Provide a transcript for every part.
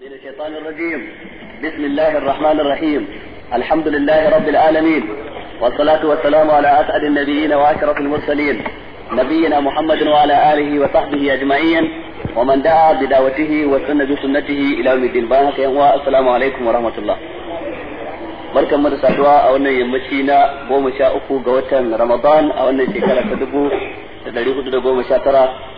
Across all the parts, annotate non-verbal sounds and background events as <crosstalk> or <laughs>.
من الشيطان الرجيم بسم الله الرحمن الرحيم الحمد لله رب العالمين والصلاة والسلام على أسعد النبيين وأشرف المرسلين نبينا محمد وعلى آله وصحبه أجمعين ومن دعا بدعوته وسن سنته إلى يوم الدين بانك والسلام عليكم ورحمة الله barkan mu da saduwa a wannan yammaci na أخو sha uku ga watan Ramadan a تدريخ shekara ta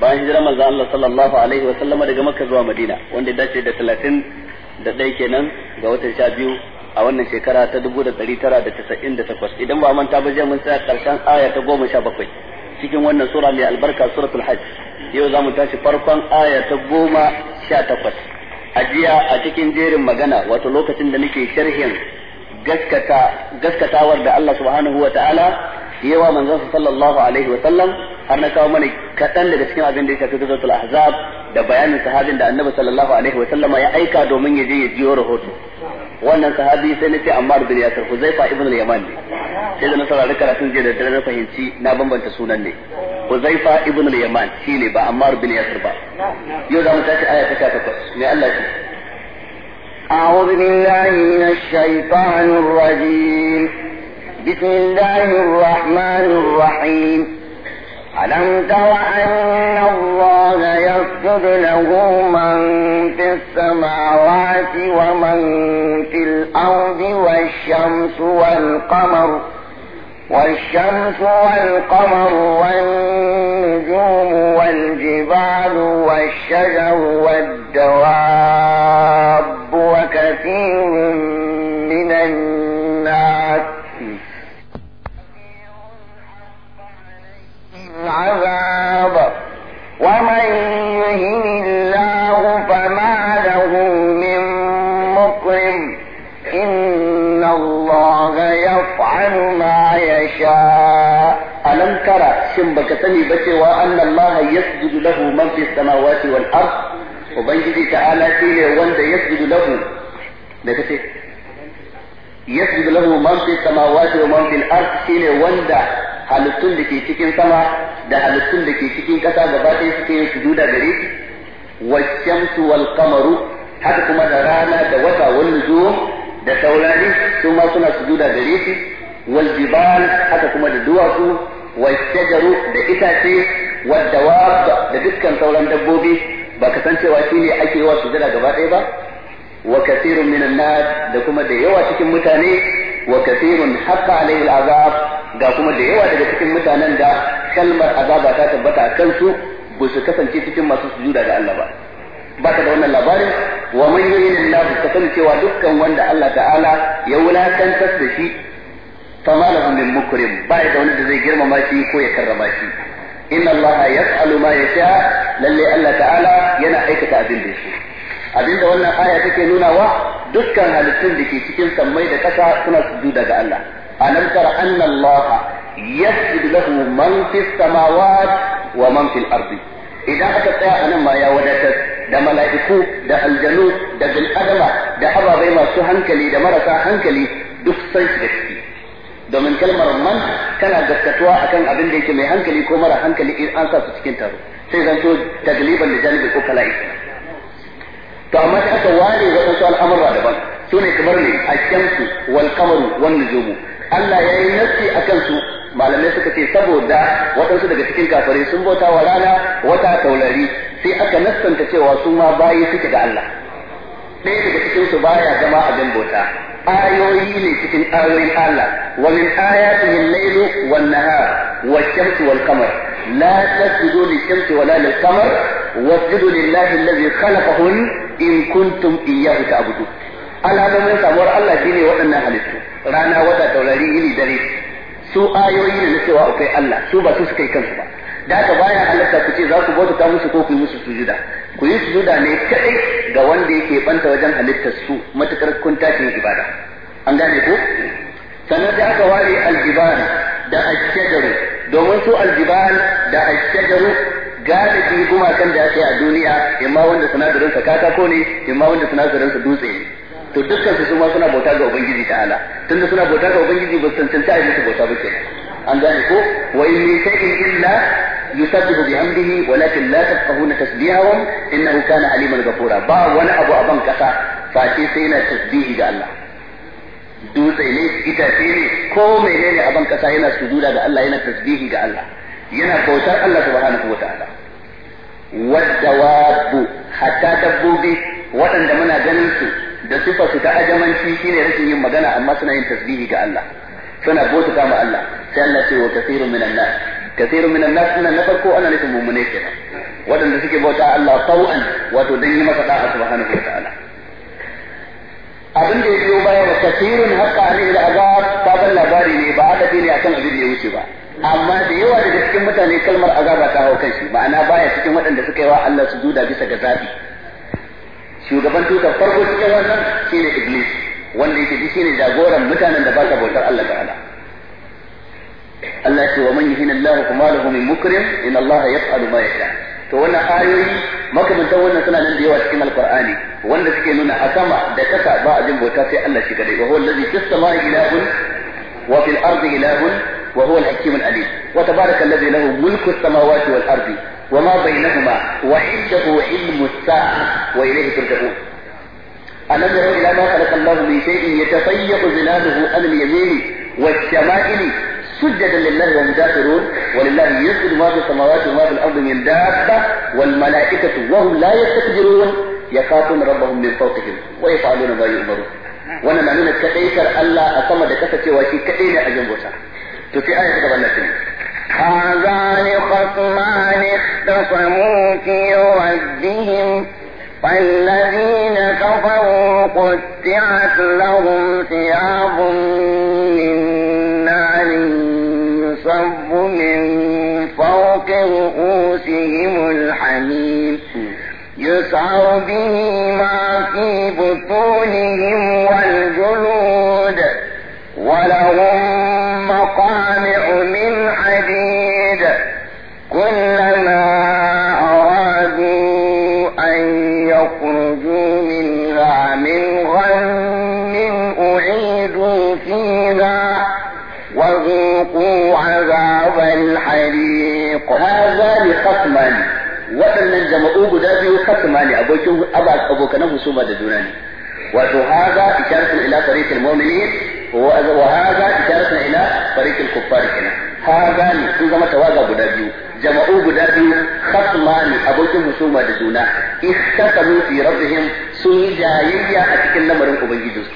bayan hijirar manzo Allah sallallahu alaihi wa sallama daga Makka zuwa Madina wanda ya dace da 30 da ɗaya kenan ga watan sha biyu a wannan shekara ta 1998 idan ba manta ba mun tsaya karshen aya ta 17 cikin wannan sura mai albarka suratul hajj yau zamu tashi farkon aya ta 18 a jiya a cikin jerin magana wato lokacin da nake sharhin gaskata gaskatawar da Allah subhanahu wa ta'ala yawa manzon sallallahu alaihi wa sallam har na kawo mana kaɗan daga cikin abin da ya shafi gazatul ahzab da bayanin sahabin da annabi sallallahu alaihi wa sallama ya aika domin ya je ya jiyo rahoto wannan sahabi sai na ce ammar bin yasir huzaifa ibn al-yaman ne sai da na saurari karatun jiya da na fahimci na bambanta sunan ne huzaifa ibn al-yaman ne ba ammar bin yasir ba yau za mu tashi aya ta takwas. me Allah ce أعوذ بالله من الشيطان الرجيم بسم الله الرحمن الرحيم ألم تر أن الله يسجد له من في السماوات ومن في الأرض والشمس والقمر والشمس والقمر والنجوم والجبال والشجر والدواب وكثير من الناس shin baka sani ba cewa anna Allah yasjudu lahu man fi samawati wal ard ubangiji ta'ala shi ne wanda yasjudu lahu da kace yasjudu lahu man fi samawati wa man fil ard shi ne wanda halittun da ke cikin sama da halittun da ke cikin kasa gaba ɗaya suke yin sujuda gare shi washamsu wal qamaru haka kuma da rana da wata wal nujum da taurari su ma suna sujuda gare shi wal jibal haka kuma da duwatsu والشجر da itace والدواب da dukkan sauran dabbobi ba ka san cewa shine ake yawa sujada gaba ɗaya ba wa kathirun minan nas da kuma da yawa cikin mutane wa kathirun haqqa alaihi al'azab ga kuma da yawa daga cikin mutanen da kalmar azaba ta tabbata a kansu ba su kasance cikin masu sujuda ga Allah ba baka da wannan labarin wa man ka billahi cewa dukkan wanda Allah ta'ala ya wulakantar da shi fama lahu min mukrim ba da wani da zai girmama shi ko ya karrama shi inna allaha yaf'alu ma yasha lalle Allah ta'ala yana aikata abin da yake abinda wannan aya take nuna wa dukkan halittun da ke cikin sammai da kasa suna sujuda ga Allah alam tara anna allaha yasjudu lahu man fis samawati wa man fil ardi idan aka tsaya anan ma ya wadatar da mala'iku da aljanu da bil'adama da ababai masu hankali da marasa hankali duk sai da ciki domin kalmar man tana gaskatuwa akan abin da yake mai hankali ko mara hankali in an sa su cikin taro sai zanto tagliban da jalibin ko kala ita to amma sai aka ware waɗansu al'amura daban su ne kamar ne a shamsu wal kamaru wan nujumu Allah ya yi nassi a kansu malamai suka ce saboda waɗansu daga cikin kafare sun bauta wa rana wata taurari sai aka nassanta cewa su ma bayi suke da Allah ɗaya daga cikin baya zama abin bauta ayoyi ne cikin ayoyin Allah wa min ayatihi al wa wan-nahar wash-shamsu wal-qamar la tasjudu lish-shamsi wala lil-qamar wasjudu lillahi alladhi khalaqahun in kuntum iyyahu ta'budun alamomin samuwar Allah shine waɗannan halittu rana wata taurari yini dare su ayoyi ne na cewa akwai Allah su ba su suka yi kansu ba da haka baya halatta ku ce za ku bauta ta musu ko ku yi musu sujuda ku yi sujuda ne kadai ga wanda yake banta wajen halittar su matukar kun tashi ibada an gane ku? sannan da aka ware aljibar da ashjaru domin su aljibar da ashjaru galibi gumakan da ake a duniya imma wanda sinadarin sa katako ne imma wanda sinadarin sa dutse ne to dukkan su ma suna bauta ga ubangiji ta'ala tunda suna bauta ga ubangiji ba su tantance a musu bauta ba kenan an gane ko wa in min shay'in illa yusabbihu bihamdihi walakin la tafqahuna tasbihahum innahu kana aliman ghafura ba wani abu a ban kasa face sai na tasbihi ga Allah dutse ne itace ne ko menene a ban kasa yana sujuda ga Allah yana tasbihi ga Allah yana bautar Allah subhanahu wataala waddawabu hatta dabbobi waɗanda muna ganin su da sifa su ta ajamanci shine rashin yin magana amma suna yin tasbihi ga Allah suna bauta ma Allah sai Allah ce wa kathirun minan nas kathirun minan nas suna na farko ana nufin mummune kenan waɗanda suke bauta Allah tau'an wato dan yi masa da'a subhanahu wa ta'ala abin da ya biyo baya wa kathirun haqqa alaihi ta ban labari ne ba adabi ne akan abin da ya wuce ba amma da yawa daga cikin mutane kalmar azaba ta hau kan shi ma'ana baya cikin waɗanda suka yi wa Allah sujuda bisa ga zabi shugaban tutar farko cikin wannan shine iblis wanda yake shi ne jagoran mutanen da ba sa bautar Allah ta'ala Allah ce wa man yuhina Allah kuma lahu min mukrim in Allah yaf'alu ma yasha to wannan ayoyi makamantan wannan suna nan da yawa cikin alqur'ani wanda suke nuna a sama da kasa ba a jin bauta sai Allah shi kadai wa huwa allazi fis samai ilahun wa fil ardi ilahun wa huwa al-hakim al-alim wa tabaraka allazi lahu mulku as-samawati wal ardi وما بينهما وعنده علم الساعة وإليه ترجعون ألم يروا إلى ما خلق الله من شيء يتفيق ظلاله عن اليمين والشمائل سجدا لله وهم داخلون ولله يسجد ما في السماوات وما في الأرض من دابة والملائكة وهم لا يستكبرون يخافون ربهم من فوقهم ويفعلون ما يؤمرون wannan na nuna kadaitar Allah a sama da kasancewa shi kadai ne a jambota to sai aya ta gaban nan هذان خصمان اختصموا في ربهم والذين كفروا قتعت لهم ثياب من نار يصب من فوق رؤوسهم الحميم يسعر به ما في بطونهم والجلود ولهم مقامع من الحريق هذان خصمان waɗannan jama'u guda biyu kasuma ne abokin abokanan husuma da juna ne wato haza isharatun ila fariqil mu'minin wa haza isharatun ila fariqil kuffar kenan haza ne sun zama tawaga guda biyu jama'u guda biyu khasma ne abokin husuma da juna istaqalu sun yi jayayya a cikin lamarin ubangijinsu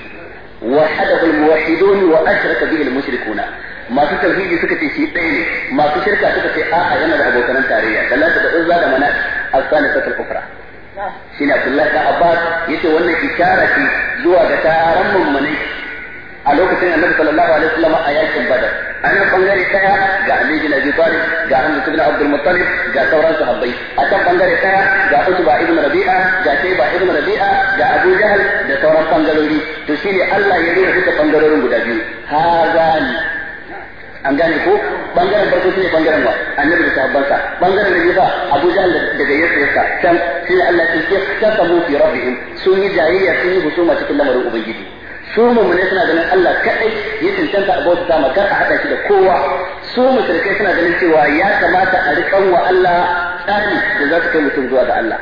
وحده الموحدون واشرك به المشركون masu tauhidi suka ce shi ɗaya ne masu shirka suka ce a'a yana da abokan tarayya da lafiya da uzza da mana asani satul shi ne abdullahi da Abbas ce wannan ishara ce zuwa ga taron mummuni. a lokacin Annabi sallallahu alaihi wasallam a yakin Badar ana bangare ɗaya ga Ali bin Abi Talib ga Hamza ibn Abdul Muttalib ga sauran sahabbai a kan bangare ɗaya ga Utba ibn Rabi'a ga Shayba ibn Rabi'a ga Abu Jahl da sauran bangarori to ne Allah ya rura duka bangarorin guda biyu hazani an gane ko bangaren farko shine bangaren ba annabi da sahabbansa bangaren da yasa Abu Jahl da gayyarsa can shi Allah ya ce kasamu fi rabbihim sun yi jayayya sun yi husuma cikin lamarin ubangiji su mun suna ganin Allah kadai ya tantanta a bauta sama kar a hada shi da kowa su musulkai suna ganin cewa ya kamata a riƙan wa Allah tsari da za su kai mutum zuwa ga Allah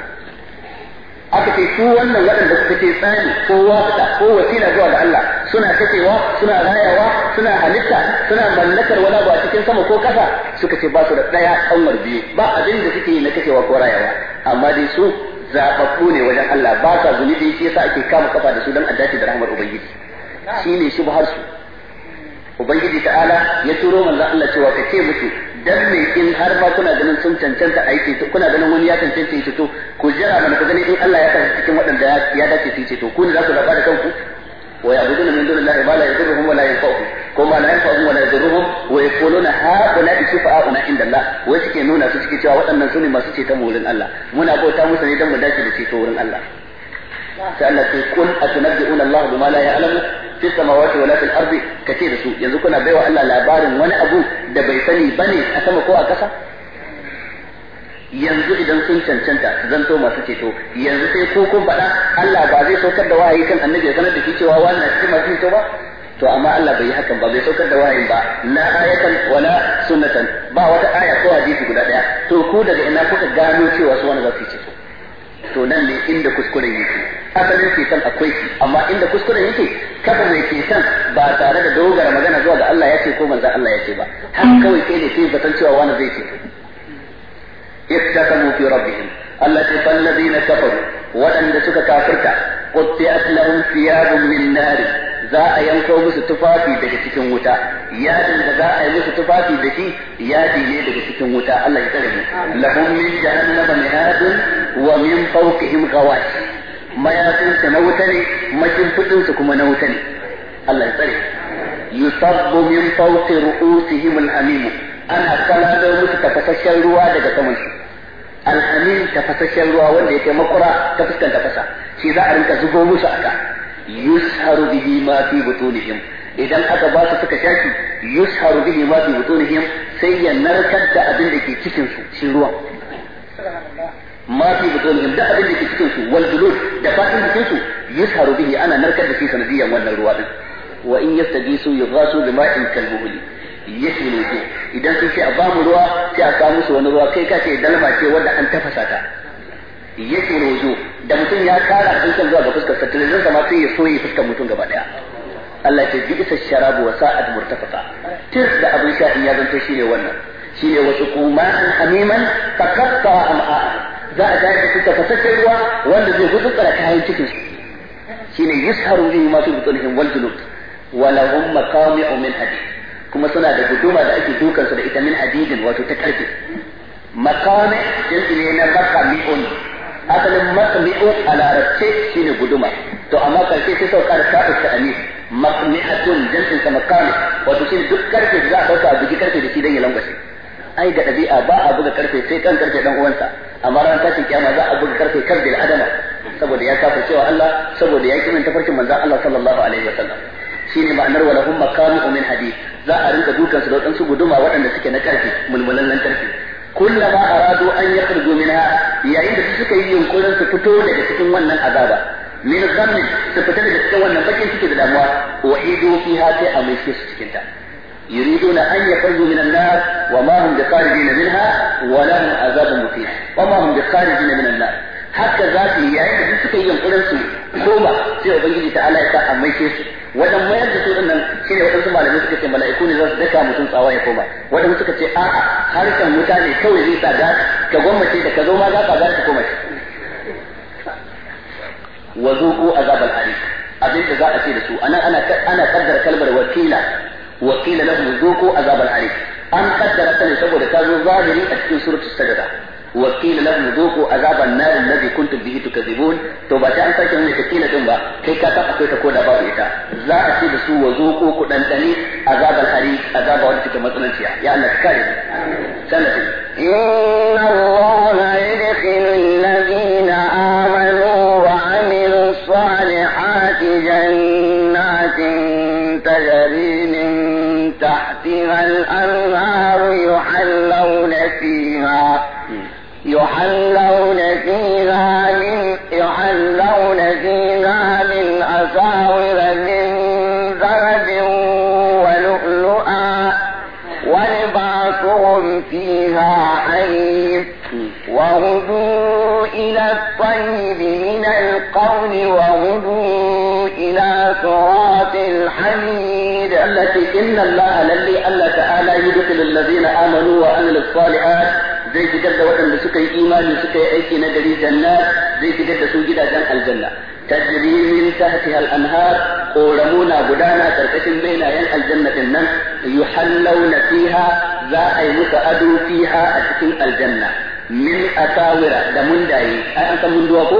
aka ce su wannan waɗanda suka ce tsani ko wafita ko wasila zuwa ga Allah suna kacewa suna rayawa suna halitta suna mallakar wani abu a cikin sama ko ƙasa suka ce ba su da ɗaya kanwar biyu ba abin da suke yi na kacewa ko rayawa amma dai su zaɓaɓɓu ne wajen Allah ba sa zunubi shi yasa ake kama kafa da su don addace da rahmar ubangiji shine shubhar su ubangiji ta'ala ya turo manzo Allah cewa ka ce mutu. dan me in har ma kuna ganin sun cancanta aiki to kuna ganin wani ya cancanta yi to ku jira mana ku gani in Allah ya kashe cikin waɗanda ya dace su yi to ku ne za ku zaɓa da kanku wa buduna min dunillahi ba la yadurruhum wa la yanfa'uhum ko ma la yanfa'uhum wa la yadurruhum wa yaquluna haula shufa'auna inda Allah wa yake nuna su suke cewa waɗannan su ne masu ceton wurin Allah muna bauta musu ne dan mu dace da ceto wurin Allah sai Allah sai kun atunabbi'una Allah bima la ya'lamu fi samawati wala fil ardi kace da su yanzu kuna baiwa Allah labarin wani abu da bai sani bane a sama ko a ƙasa yanzu idan sun cancanta zanto masu ceto yanzu sai ko kun faɗa Allah ba zai saukar da wahayi kan annabi ya sanar da shi cewa wannan shi masu ceto ba to amma Allah bai yi hakan ba bai saukar da wahayin ba na ayatan wala sunnatan ba wata aya ko hadisi guda daya to ku daga ina kuka gano cewa su wani za su to nan ne inda kuskuren yake asalin ceton akwai shi amma inda kuskuren yake kafa mai ceton ba tare da dogara magana zuwa ga Allah ya ce ko manzon Allah ya ce ba har kawai kai ne sai zaton cewa wani zai ce yaktakamu fi rabbihim Allah ce na kafaru waɗanda suka kafirta qutti'at lahum thiyabun min nar za yanko musu tufafi daga cikin wuta yadin da yi musu tufafi da shi yadi ne daga cikin wuta Allah ya tsare mu lahum min jahannama mihadun wa min fawqihim ghawash mayafin su na wuta ne makin kuma na wuta ne Allah ya tsare yusabbu min musu tafasasshen ruwa daga saman tafasasshen ruwa wanda yake makura ta fuskan tafasa shi za a rinka zubo musu aka yusharu bihi ma fi butunihim idan aka ba su suka shafi yusharu bihi ma fi butunihim sai ya narkar da abin da ke cikin su shi ruwan ma fi butunihim da abin da ke cikin su wal julud da fatin jikin su yusharu bihi ana narkar da shi sanadiyan wannan ruwa din wa in yastagisu yughasu bima'in kalmuhli yake ne idan sun ce a ba mu ruwa sai a samu su wani ruwa kai ka ce dalma ce wanda an tafasa ta yasmul wujuh da mutum ya kara abincin zuwa ga fuskar sa tunanin sa ma sai ya soye fuskar mutum gaba daya Allah ya ce bi isa sharabu wa sa'at murtafaqa tis da abin sha in ya zanto shine wannan shine wasu kuma hamiman fakatta am'a za a ga shi ta fasashe ruwa wanda zai gudu tsara kayan cikin shi shine yusharu bihi ma tu butulhum wal julud wa lahum maqami'u min hadid kuma suna da guduma da ake dukansu da ita min hadidin wato ta karfe maqami jinsi ne na baka mi'un asalin masmi'u a larabce shine guduma to amma karshe sai sauka da sa'u ta'ani masmi'atun jinsin sa makami wato shi duk karfe da za a dauka a bugi karfe da shi dan ya langwashe ai da dabi'a ba a buga karfe sai kan karfe dan uwansa amma ran tashin kiyama za a buga karfe kan da adama saboda ya kafa cewa Allah saboda ya kimin tafarkin manzon Allah sallallahu alaihi wasallam shine ma'anar wala hum makamu min za a rinka dukan su da wadansu guduma waɗanda suke na karfe mulmulan nan karfe kullama aradu an yakhruju minha yayin da suka yi yunkurin su fito daga cikin wannan azaba min zammi su fita daga cikin wannan bakin ciki da damuwa wa idu fiha sai a mai su cikin ta يريدون أن يخرجوا من النار وما هم بخارجين منها ولا هم عذاب مقيم وما هم بخارجين من النار haka za su yi yayin da duk suka yi yunkurin su koma sai ubangiji ta ala ya sa a maishe su wadan mayar da su din nan shine wadansu malamai suka ce mala'iku ne za su daka mutum tsawa ya koma wadan suka ce a'a harshen wuta ne kawai zai sa gas ka gwammace da ka zo ma za ka gas ka koma wa zuqu azabal Ali abin da za a ce da su anan ana ana kaddara kalmar wakila wakila lahum zuqu azabal Ali an kaddara ta ne saboda ta zo zahiri a cikin suratul sajda وقيل لهم ذوقوا عذاب النار الذي كنتم به تكذبون to ba ta an sake nuna kakila din ba kai ka san ko da babu ita za a ce da su wa zuqu ku dan dani azabal hari azaba ya sanadin فيها عين وهدوا إلى الطيب من القول وهدوا إلى صراط الحميد التي إن الله الذي ألا تعالى يدخل الذين آمنوا وعملوا الصالحات زي تجد وطن لسكي إيمان لسكي أيكي ندري جنات زي تجد سوجد جنة الجنة تجري من تحتها الأنهار قولمونا بدانا تركش بين أين جنة النم يحلون فيها za a yi musu ado fiha a cikin aljanna min asawira da mundaye ai an san munduwa ko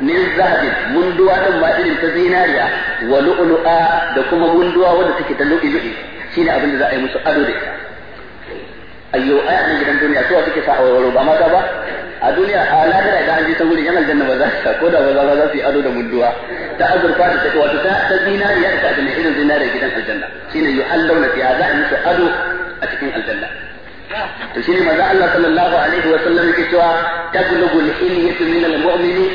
min zahabin munduwa din ma irin ta zinariya wa lu'lu'a da kuma munduwa wanda take da lu'lu'i shine abin da za a yi musu ado da ita ayyo ai a gidan duniya to suke sa awarwaro ba mata ba a duniya a lahira idan an je ta gurin yan aljanna ba za su ko da ba za su yi ado da munduwa ta azurfa da take wato ta zinariya da ta ne irin zinariya gidan aljanna shine yuhallawna fiha za a yi musu ado a cikin aljanna to shine manzo Allah sallallahu alaihi wa sallam yake cewa tablugu al-hilyatu min al-mu'mini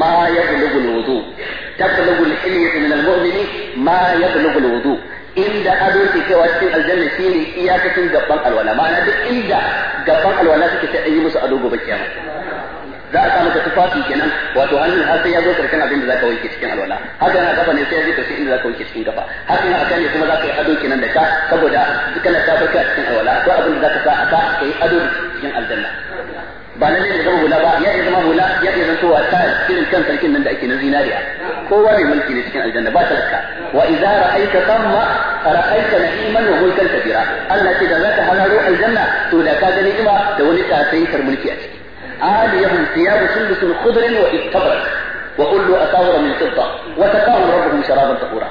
ma al-wudu al-hilyatu min al-mu'mini ma al-wudu inda ado ke cewa cikin aljanna shine iyakacin gaban alwala ma'ana duk inda gaban alwala suke sai yi musu ado gobe kiyama za a sa maka tufafi kenan wato hannu har sai ya zo karshen abin da za ka wanke cikin alwala haka yana kafa ne sai ya zo karshen inda za ka wanke cikin kafa haka yana akan ne kuma za ka yi ado kenan da ka saboda kana ta farka a cikin alwala ko abin da za zaka sa ka yi ado cikin aljanna ba na zai zama hula ba ya iya zama hula ya iya zama towa ta irin kan sarkin nan da ake na zinariya kowa mai mulki ne cikin aljanna ba talaka wa idza ra'aita thamma ra'aita na'iman wa mulkan kabira Allah ce da za zaka halaro aljanna to da ka gani ima da wani tsayin mulki a ciki يهم ثياب سلس خضر وقل له أساور من فضة وتكاهم ربهم شرابا طهورا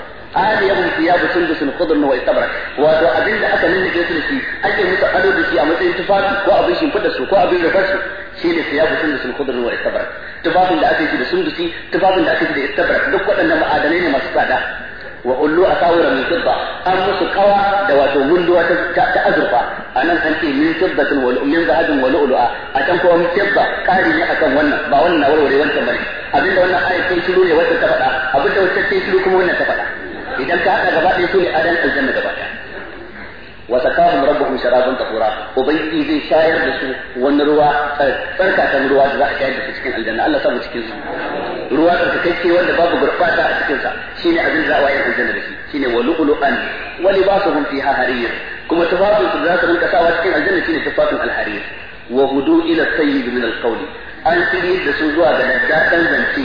يهم ثياب سلس خضر واستبرق وذو أبين حتى من جسر في أجل متأدو بسي أمس انتفاق وأبيش مقدس وأبين فرش سيل ثياب سلس خضر واستبرق تفاق لأتيك بسندسي تفاق لأتيك بإستبرق دقوة أنما آدمين مستادا wa ullu asawira min fidda an musu kawa da wato gunduwa ta azurfa anan an ce min fiddatin wa min zahabin wa lu'lu'a a can kuma min fidda kari ne akan wannan ba wannan na warware wancan bane abinda wannan ayat sai shiru ne wacce ta faɗa abinda wacce sai shiru kuma wannan ta faɗa idan ka haɗa gaba ɗaya su ne adan aljanna gaba ɗaya wa sakahum rabbuhum sharaban tahura ubangiji zai shayar da su wani ruwa tsarkakan ruwa da za a shayar da su cikin aljanna Allah samu cikin su ruwa tsarkakacce wanda babu gurbata a cikin sa shine abin da wayan aljanna da shi shine wa lu'lu'an wa libasuhum fiha harir kuma tufafin su za su rinka sawa cikin aljanna shine tufafin alharir wa hudu ila sayyid min alqawli an tsiri da su zuwa ga daddadan zance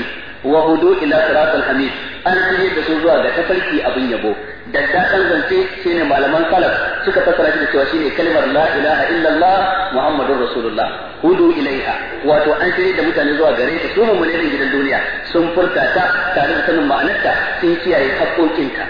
an tsiri da su zuwa ga tafarki abin yabo daddaɗan zance shine malaman salaf suka fassara shi da cewa shine kalmar la ilaha illallah muhammadur rasulullah hudu ilaiha wato an shirye da mutane zuwa gare ta su mun ne gidan duniya sun furta ta tare da sanin ma'anarta sun kiyaye haƙƙoƙinka.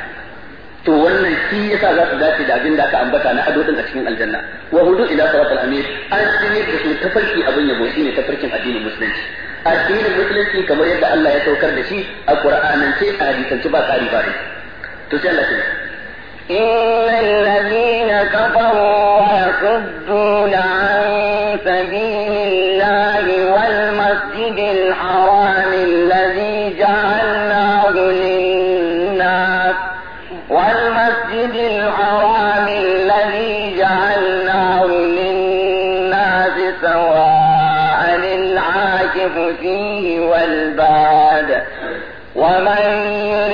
to wannan shi yasa za su dace da abin da aka ambata na ado a cikin aljanna wa hudu ila siratal amir an shirye da su tafarki abin yabo shine tafarkin addinin musulunci addinin musulunci kamar yadda Allah ya saukar da shi a Qur'anance a hadisance ba tsari ba إن الذين كفروا ويصدون عن سبيل الله والمسجد الحرام الذي جعلناه للناس والمسجد الحرام الذي جعلناه للناس سواء العاكف فيه والباد ومن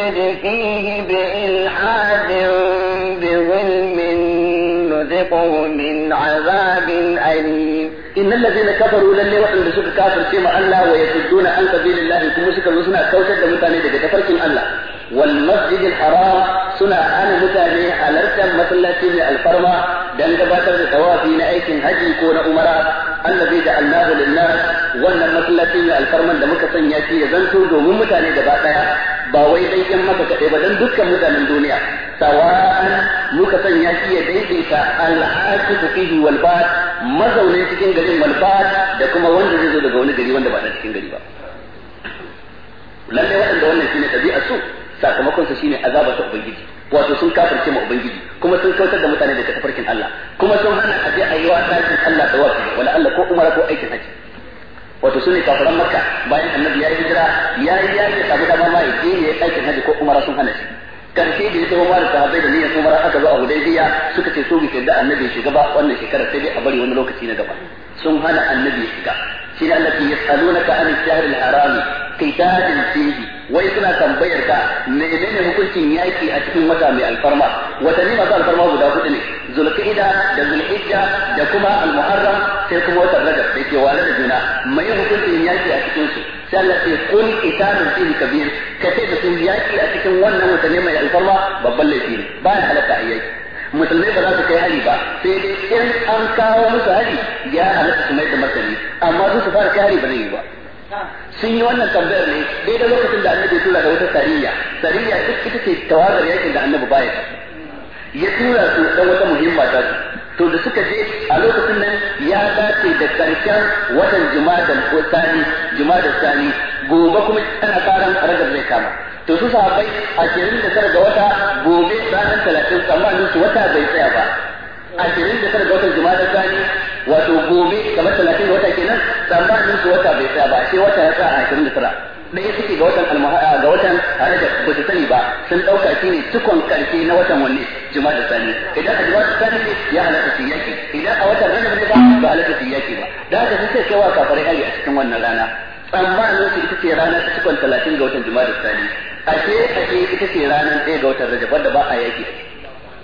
نذيقه من عذاب أليم إن الذين كفروا للي وحن بسوك كافر فيما الله ويسدون عن سبيل الله كم سكا وسنا كوشد متاني دك تفرك الله والمسجد الحرام سنا أنا متاني حلرتا مسلاتي الفرما دان gabatar da tawafi na aikin haji ko na umara annabi da Allahu lillah wannan masallacin alfarman da muka sanya shi ya zanto domin mutane gaba daya ba wai dai yan maka kaɗai ba don dukkan mutanen duniya sawa'an muka sanya shi ya daidaita ta fihi wal ba'd mazaunin cikin garin wal ba'd da kuma wanda zai zo daga wani gari wanda ba na cikin gari ba lalle waɗanda wannan shine ɗabi'a su sakamakon su shine azaba ta ubangiji wato sun kafirce ma ubangiji kuma sun kautar da mutane daga tafarkin Allah kuma sun hana a je a yi wa Allah da wasu wala Allah ko umara ko aikin haji wato sune kafiran makka bayan annabi ya yi hijira ya yi ya yi samu dama ma je ya yi aikin hajji ko umara sun hana shi karshe da ya taho ma da sahabbai da niyyar umara aka zo a hudaybiya suka ce so bai da annabi ya shiga ba wannan shekarar sai dai a bari wani lokaci na gaba sun hana annabi ya shiga shi ne Allah ke yasalunaka an shahr al-harami qitalin fihi wai suna tambayar ka menene hukuncin yaki a cikin wata mai alfarma watanni masu alfarma guda hudu ne zulqa'ida da zulhijja da kuma al sai kuma wata rajab da ke wala da juna mai hukuncin yaki a cikin su sai Allah sai kun qitalun fihi kabir ka sai da sun yaki a cikin wannan ne mai alfarma babban laifi ne ba ya halatta a yaki musulmai ba za su kai hari ba sai dai in an kawo musu hari ya halatta su mai da martani amma su fara kai hari ba zai yi ba sun yi wannan tambayar ne daidai lokacin da annabi tura da wata sariya sariya ita ce tawagar yakin da annabi baya ya tura su ta wata muhimma ta to da suka je a lokacin nan ya dace da karshen watan jumadan sani jumadan sani gobe kuma tana karan ragar zai kama to su sahabbai ashirin da tara ga wata gobe ranar talatin tsammanin su wata bai tsaya ba A ashirin da tara ga watan jumadan sani wato gobe kamar talatin da wata kenan tsammanin su wata bai tsaya ba sai wata ya tsara a ashirin da tara ɗaya suke ga watan ga watan rajab ba su sani ba sun ɗauka shi ne cikon karshe na watan wanne jima'a da sani idan a jima'a da sani ne ya halatta su idan a watan rajab ne ba ba halatta su ba da haka sun sai wa kafarai hari a cikin wannan rana tsammanin su ita ce rana ta cikon talatin ga watan jima'a da sani a ashe ita ce ranar ɗaya ga watan rajab wanda ba a yaki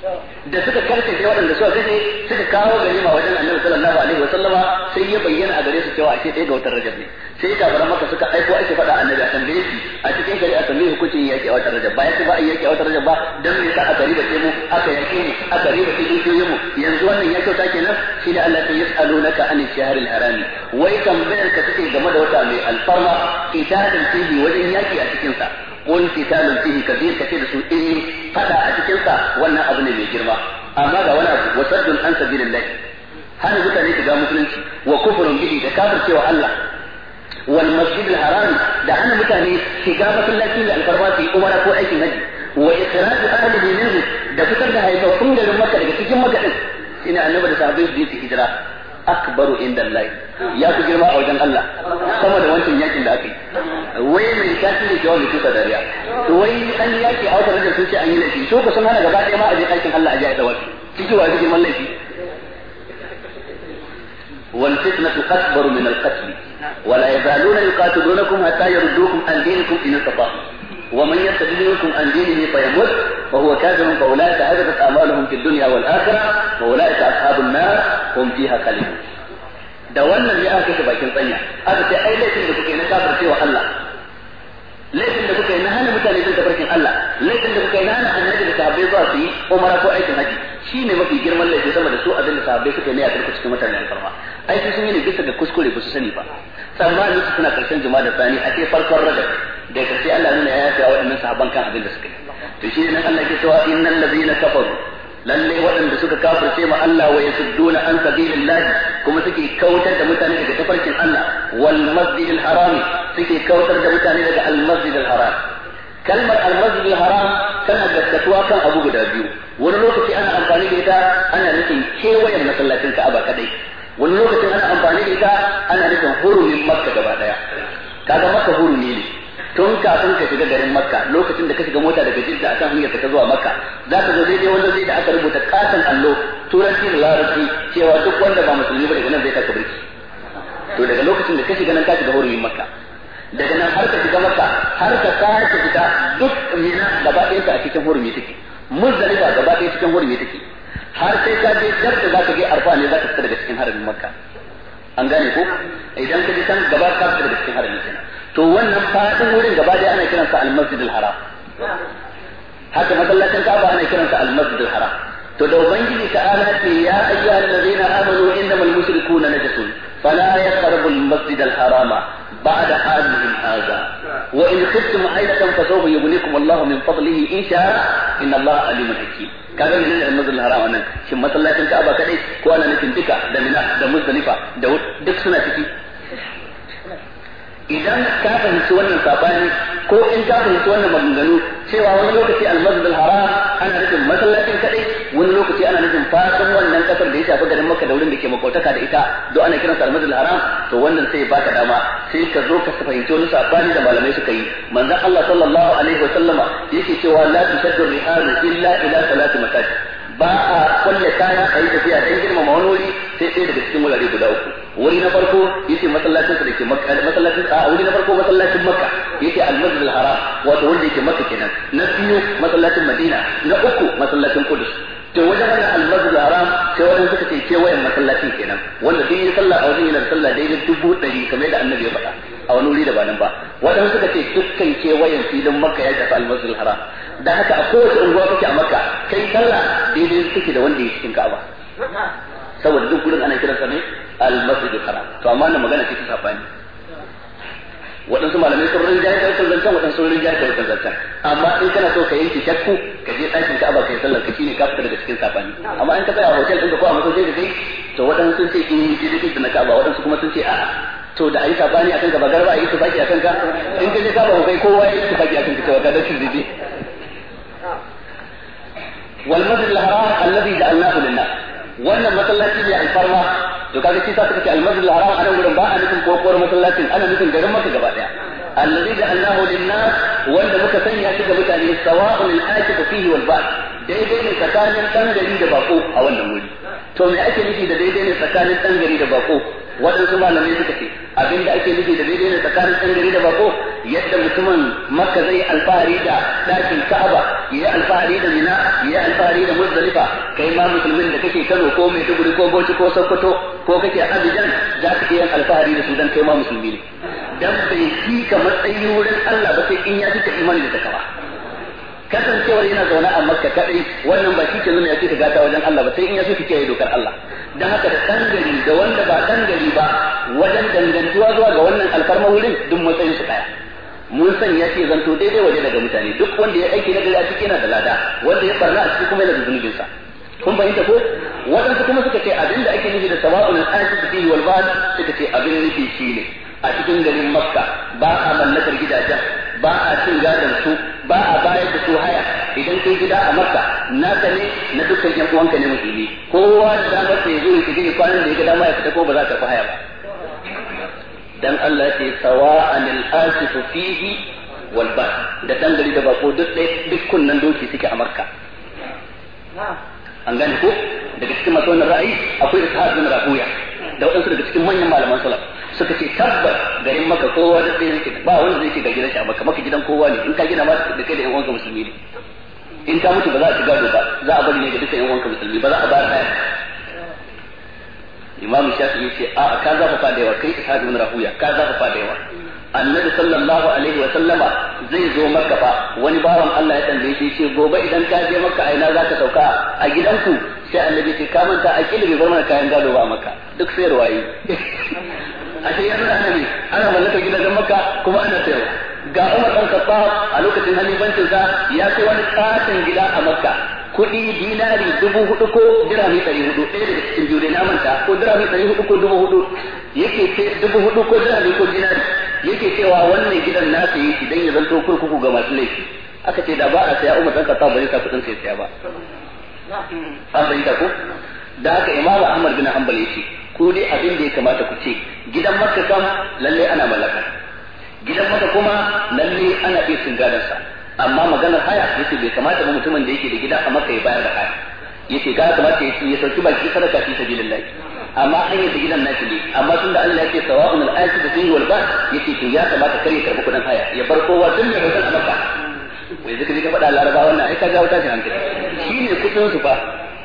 da suka karkace waɗanda suka kashe suka kawo ganima wajen annabi sallallahu alaihi wasallama sai ya bayyana a gare su cewa ake ɗaya ga watan rajab ne sai kafiran maka suka aiko ake faɗa annabi a tambaye shi a cikin gari a tambaye hukuncin yaki a watan rajab ba yake ba a yaki a watan rajab ba dan me yasa aka riba mu aka yake mu aka riba ce dukiyoyin mu yanzu wannan ya kyauta kenan shi da Allah ya yas'alunaka an shahril harami wai tambayar ka take game da wata mai alfarma idan fihi wajen yaki a cikin sa kun ta fihi kabir kace da su in eh, fada a cikin sa wannan abu ne mai girma amma ga wani abu wasaddun an sabilillah hana mutane shiga musulunci wa kufrun bihi da kafircewa Allah wal masjidil haram da hana mutane shiga masallaci da alfarmaci umara ko aikin haji wa ikhraj ahlihi minhu da fitar da haifafun garin Makka daga cikin Makka din ina annabi da sahabbai su yi hijira akbaru inda Allah ya ku girma a wajen Allah sama da wancan yakin da aka yi wai mai shafi ne jawabi ko da dariya to wai an yaki a wata rajin sun ce an yi laifi to ka san hana gaba ɗaya ma a je aikin Allah a je a wasu kike wa kike man laifi wal fitnatu akbaru min al qatl yazaluna يزالون يقاتلونكم حتى يردوكم عن دينكم ان استطاعوا ومن يتبع منكم عن دينه فيمت وهو كافر فاولئك هدفت اعمالهم في الدنيا والاخره واولئك اصحاب النار هم فيها خالدون. ده وانا اللي اخر طنيا هذا في اي ليس اللي بكينا كافر سوى الله ليس اللي بكينا انا مثالي بنت بركين الله ليس اللي بكينا انا ان هذه الكعبه ضعفي ومرا فوقيت هذه شي ما في جرم الله يسمى السوء اذن الكعبه كتير ياتي لك تشتمتها من الفرما اي في سنين كسكولي بس سنيفا سمعني سنة كرسين جمال الثاني اكيد فرق da kace Allah nuna ya yafi waɗannan sahabban kan abin da suka yi to shi ne nan Allah ke cewa innal ladzina kafaru lalle waɗanda suka sai ma Allah wa yasudduna an sabilillah kuma suke kautar da mutane daga tafarkin Allah wal masjidil haram suke kautar da mutane daga al masjidil haram kalmar almasjidil haram tana gaskatuwa kan abu guda biyu wani lokaci ana amfani da ita ana nufin kewayen masallacin ka'aba kadai wani lokacin ana amfani da ita ana nufin hurumin makka gaba daya kaga makka hurumi ne tun kafin ka shiga garin makka lokacin da ka shiga mota daga jidda akan hanyar ka zuwa makka za ka zo daidai wanda zai da aka rubuta katon allo turanci da larabci cewa duk wanda ba musulmi ba daga nan zai taka birki to daga lokacin da ka shiga nan ka shiga hurumin makka daga nan har ka shiga makka har ka sake fita duk mina gaba ɗaya ka a cikin hurumi take muzdalifa gaba ɗaya cikin hurumi take har sai ka je dab da za ka je arfa ne za ka fita daga cikin haramin makka an gane ko idan ka ji san gaba ka fita daga cikin harami kenan to wannan faɗin wurin gaba da ana kiransa al-masjid al-haram haka masallacin Ka'aba ana kiransa al-masjid al-haram to da ubangiji ta'ala ce ya ayyuhal ladina amanu innamal mushrikuna najasun fala yaqrabu al-masjid al-harama بعد عامهم هذا وإن خفتم عيلة فسوف يغنيكم الله من فضله إن شاء إن الله عليم حكيم kaga ne da mazal haram nan shi masallacin Ka'aba kadai ko ana nufin duka da Mina da Muzdalifa da duk suna ciki idan ka fahimci wannan sabani ko in ka fahimci wannan maganganu cewa wani lokaci almasjid al-haram ana nufin masallacin kaɗai, wani lokaci ana nufin fasin wannan kasar da ya shafi garin Makka da wurin da ke makwautaka da ita don ana kiransa almasjid al-haram to wannan sai ba ka dama sai ka zo ka fahimci wani sabani da malamai suka yi manzon Allah sallallahu alaihi wa sallama yake cewa la tusaddu rihalu illa ila salati masajid ba a kulle kaya a yi tafiya don girmama wani wuri sai ɗaya daga cikin wurare guda uku wuri na farko yace masallacin sa dake makka masallacin a wuri na farko masallacin makka yace al-masjid al-haram wato wanda yake makka kenan na biyu masallacin madina na uku masallacin kudus to wajen wannan al-masjid al-haram sai wajen suka ce kewayen masallacin kenan wanda duk ya sallah a wajen yana sallah daidai dubu ɗari kamar yadda annabi ya faɗa a wani wuri da ba nan ba waɗansu suka ce dukkan kewayen filin makka ya shafi al-masjid al-haram da haka a kowace unguwa kake a makka kai sallah daidai suke da wanda ya cikin ka'aba saboda duk gurin ana kiransa ne al-masjidul haram to amma nan magana cikin ta waɗansu malamai sun rin jari kan zancan waɗansu sun rin jari kan zancan amma in kana so ka yanke shakku ka je ɗakin ka aba kai sallar ka shine ka fita daga cikin sabani amma in ka tsaya a hotel ɗinka ko a masaukin ka kai to waɗansu sun ce in yi duk da na ka waɗansu kuma sun ce a'a to da ayi safani akan ka ba garba ayi tufaki akan ka in ka je ka ba kai kowa yayi tufaki akan ka ka da shi zai والمسجد الحرام الذي جعلناه للناس wannan masallaci ne alfarma to kaga shi sa suka ce almasjidul haram ana gurin ba a nufin kokowar masallacin ana nufin garin maka gaba daya alladhi ja'alnahu lin-nas wanda muka sanya shi ga mutane sawa'un al-akifu fihi wal ba'd daidai ne tsakanin ɗan da bako a wannan wuri to me ake nufi da daidai ne tsakanin ɗan da bako waɗansu malamai suka ce abin da ake nufi da daidai ne tsakanin ɗan da bako yadda mutumin makka zai alfahari da ɗakin ka'aba ya yi alfahari da mina ya yi alfahari da muzdalifa kai ma musulmin da kake kano ko mai maiduguri ko bauchi ko sokoto ko kake abidjan za ka iya alfahari da su dan kai ma musulmi ne dan bai fi ka matsayin wurin allah ba sai in ya fi ka imani da takawa kasancewar yana zaune a makka kadai wannan ba shi ke nuna ya ce ka gata wajen Allah ba sai in ya so yi dokar Allah dan haka da dan gari da wanda ba dan gari ba wajen dangantuwa zuwa ga wannan alfarma wurin duk matsayin su daya mun san ya ce zanto daidai waje daga mutane duk wanda ya aiki na gari a ciki yana da lada wanda ya barna a ciki kuma yana da zunubin sa kun fahimta ko waɗansu kuma suka ce abinda ake nufi da sawa'un al su fihi wal ba'd suka ce abin nufi ne. a cikin garin makka ba a mallakar gidajen ba a cin gadon su ba a bayar da su haya idan kai gida a makka na ne na dukkan yan uwanka ne musulmi kowa da dama sai zo ya kiji kwanan da ya ga dama ya fita ko ba za ka fi haya ba dan Allah ce sawa'an al-asifu fihi wal ba da dan gari da bako duk ɗaya duk kunnan doki suke a makka an gane ko daga cikin masu wannan ra'ayi akwai ishaq bin rafuya da waɗansu daga cikin manyan malaman salaf suka ce tabbas garin maka kowa da tsaye yake ba wanda zai ce ga gidan shi kamar maka gidan kowa ne in ka gina ma da kai da yan uwanka musulmi ne in ka mutu ba za a ci gado ba za a bari ne ga dukkan yan uwanka musulmi ba za a ba da imam shafi yace a ka zafa fa da yawa kai ka ibn rahuya ka zafa fa da yawa annabi sallallahu alaihi wa sallama zai zo maka fa wani bawan Allah ya tambaye shi ce gobe idan ka je maka aina za ka sauka a gidanku sai annabi ce ka manta a kilibi bar mana kayan gado ba maka duk sai ruwayi ashe ya yana ana ne ana mallakar gidajen makka kuma ana sayarwa ga Umar dan Khattab a lokacin halifancin sa ya kai wani katin gida a makka kuɗi dinari dubu hudu ko dirami ɗari hudu ɗaya daga cikin biyu dai na manta ko dirami ɗari hudu ko dubu hudu yake ce dubu hudu ko dirami ko dinari yake cewa wannan gidan na sayi shi dan ya zanto kurkuku ga masu laifi aka ce da ba a saya Umar dan Khattab ba zai sa kuɗin sai saya ba hmm. an bayyana ko da haka Imam Ahmad bin Hanbal yake ko dai abin da ya kamata ku ce gidan makka kam lalle ana mallaka gidan makka kuma lalle ana iya sun sa amma maganar haya yace bai kamata ba mutumin da yake da gida a makka ya bayar da haya yace ga kamata ya sauki baki sadaka fi sabilillah amma an yi gidan nashi ne amma tun da Allah yake sawa'un al-aiki da fihi wal ba yace to ya kamata kare karbi kudin haya ya bar kowa tun ne hoton a makka wai zaka ji ka faɗa larabawa wannan ai ka ga wata shi ne shine kudin su fa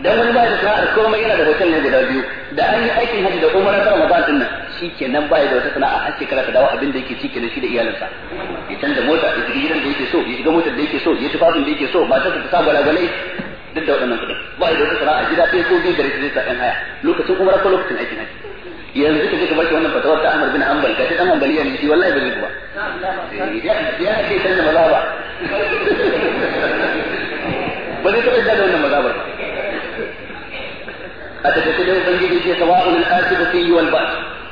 dan wani bai da sana'ar komai yana da hotel ne guda biyu da an yi aikin hajji da umara ta Ramadan din nan shikenan bai da wata sana'a har shekara ta dawo abin da yake shikenan shi da iyalinsa ya canza mota ya shiga gidan da yake so ya shiga motar da yake so ya tufafin da yake so ba ta sa gwalagwalai duk da waɗannan kuɗin ba da wata sana'a gida ɗaya ko biyu da rashin da ɗan haya lokacin umara ko lokacin aikin hajji yanzu ka je ka wannan fatawar ta Ahmad bin Hanbal ka ce dan Hanbaliya ne shi wallahi ba zai eh, ba ya ce kan da mazaba <laughs> ba zai taɓa da wannan mazaba ba a daga cikin ubangiji ce sawa'un al-asibati yiwal ba.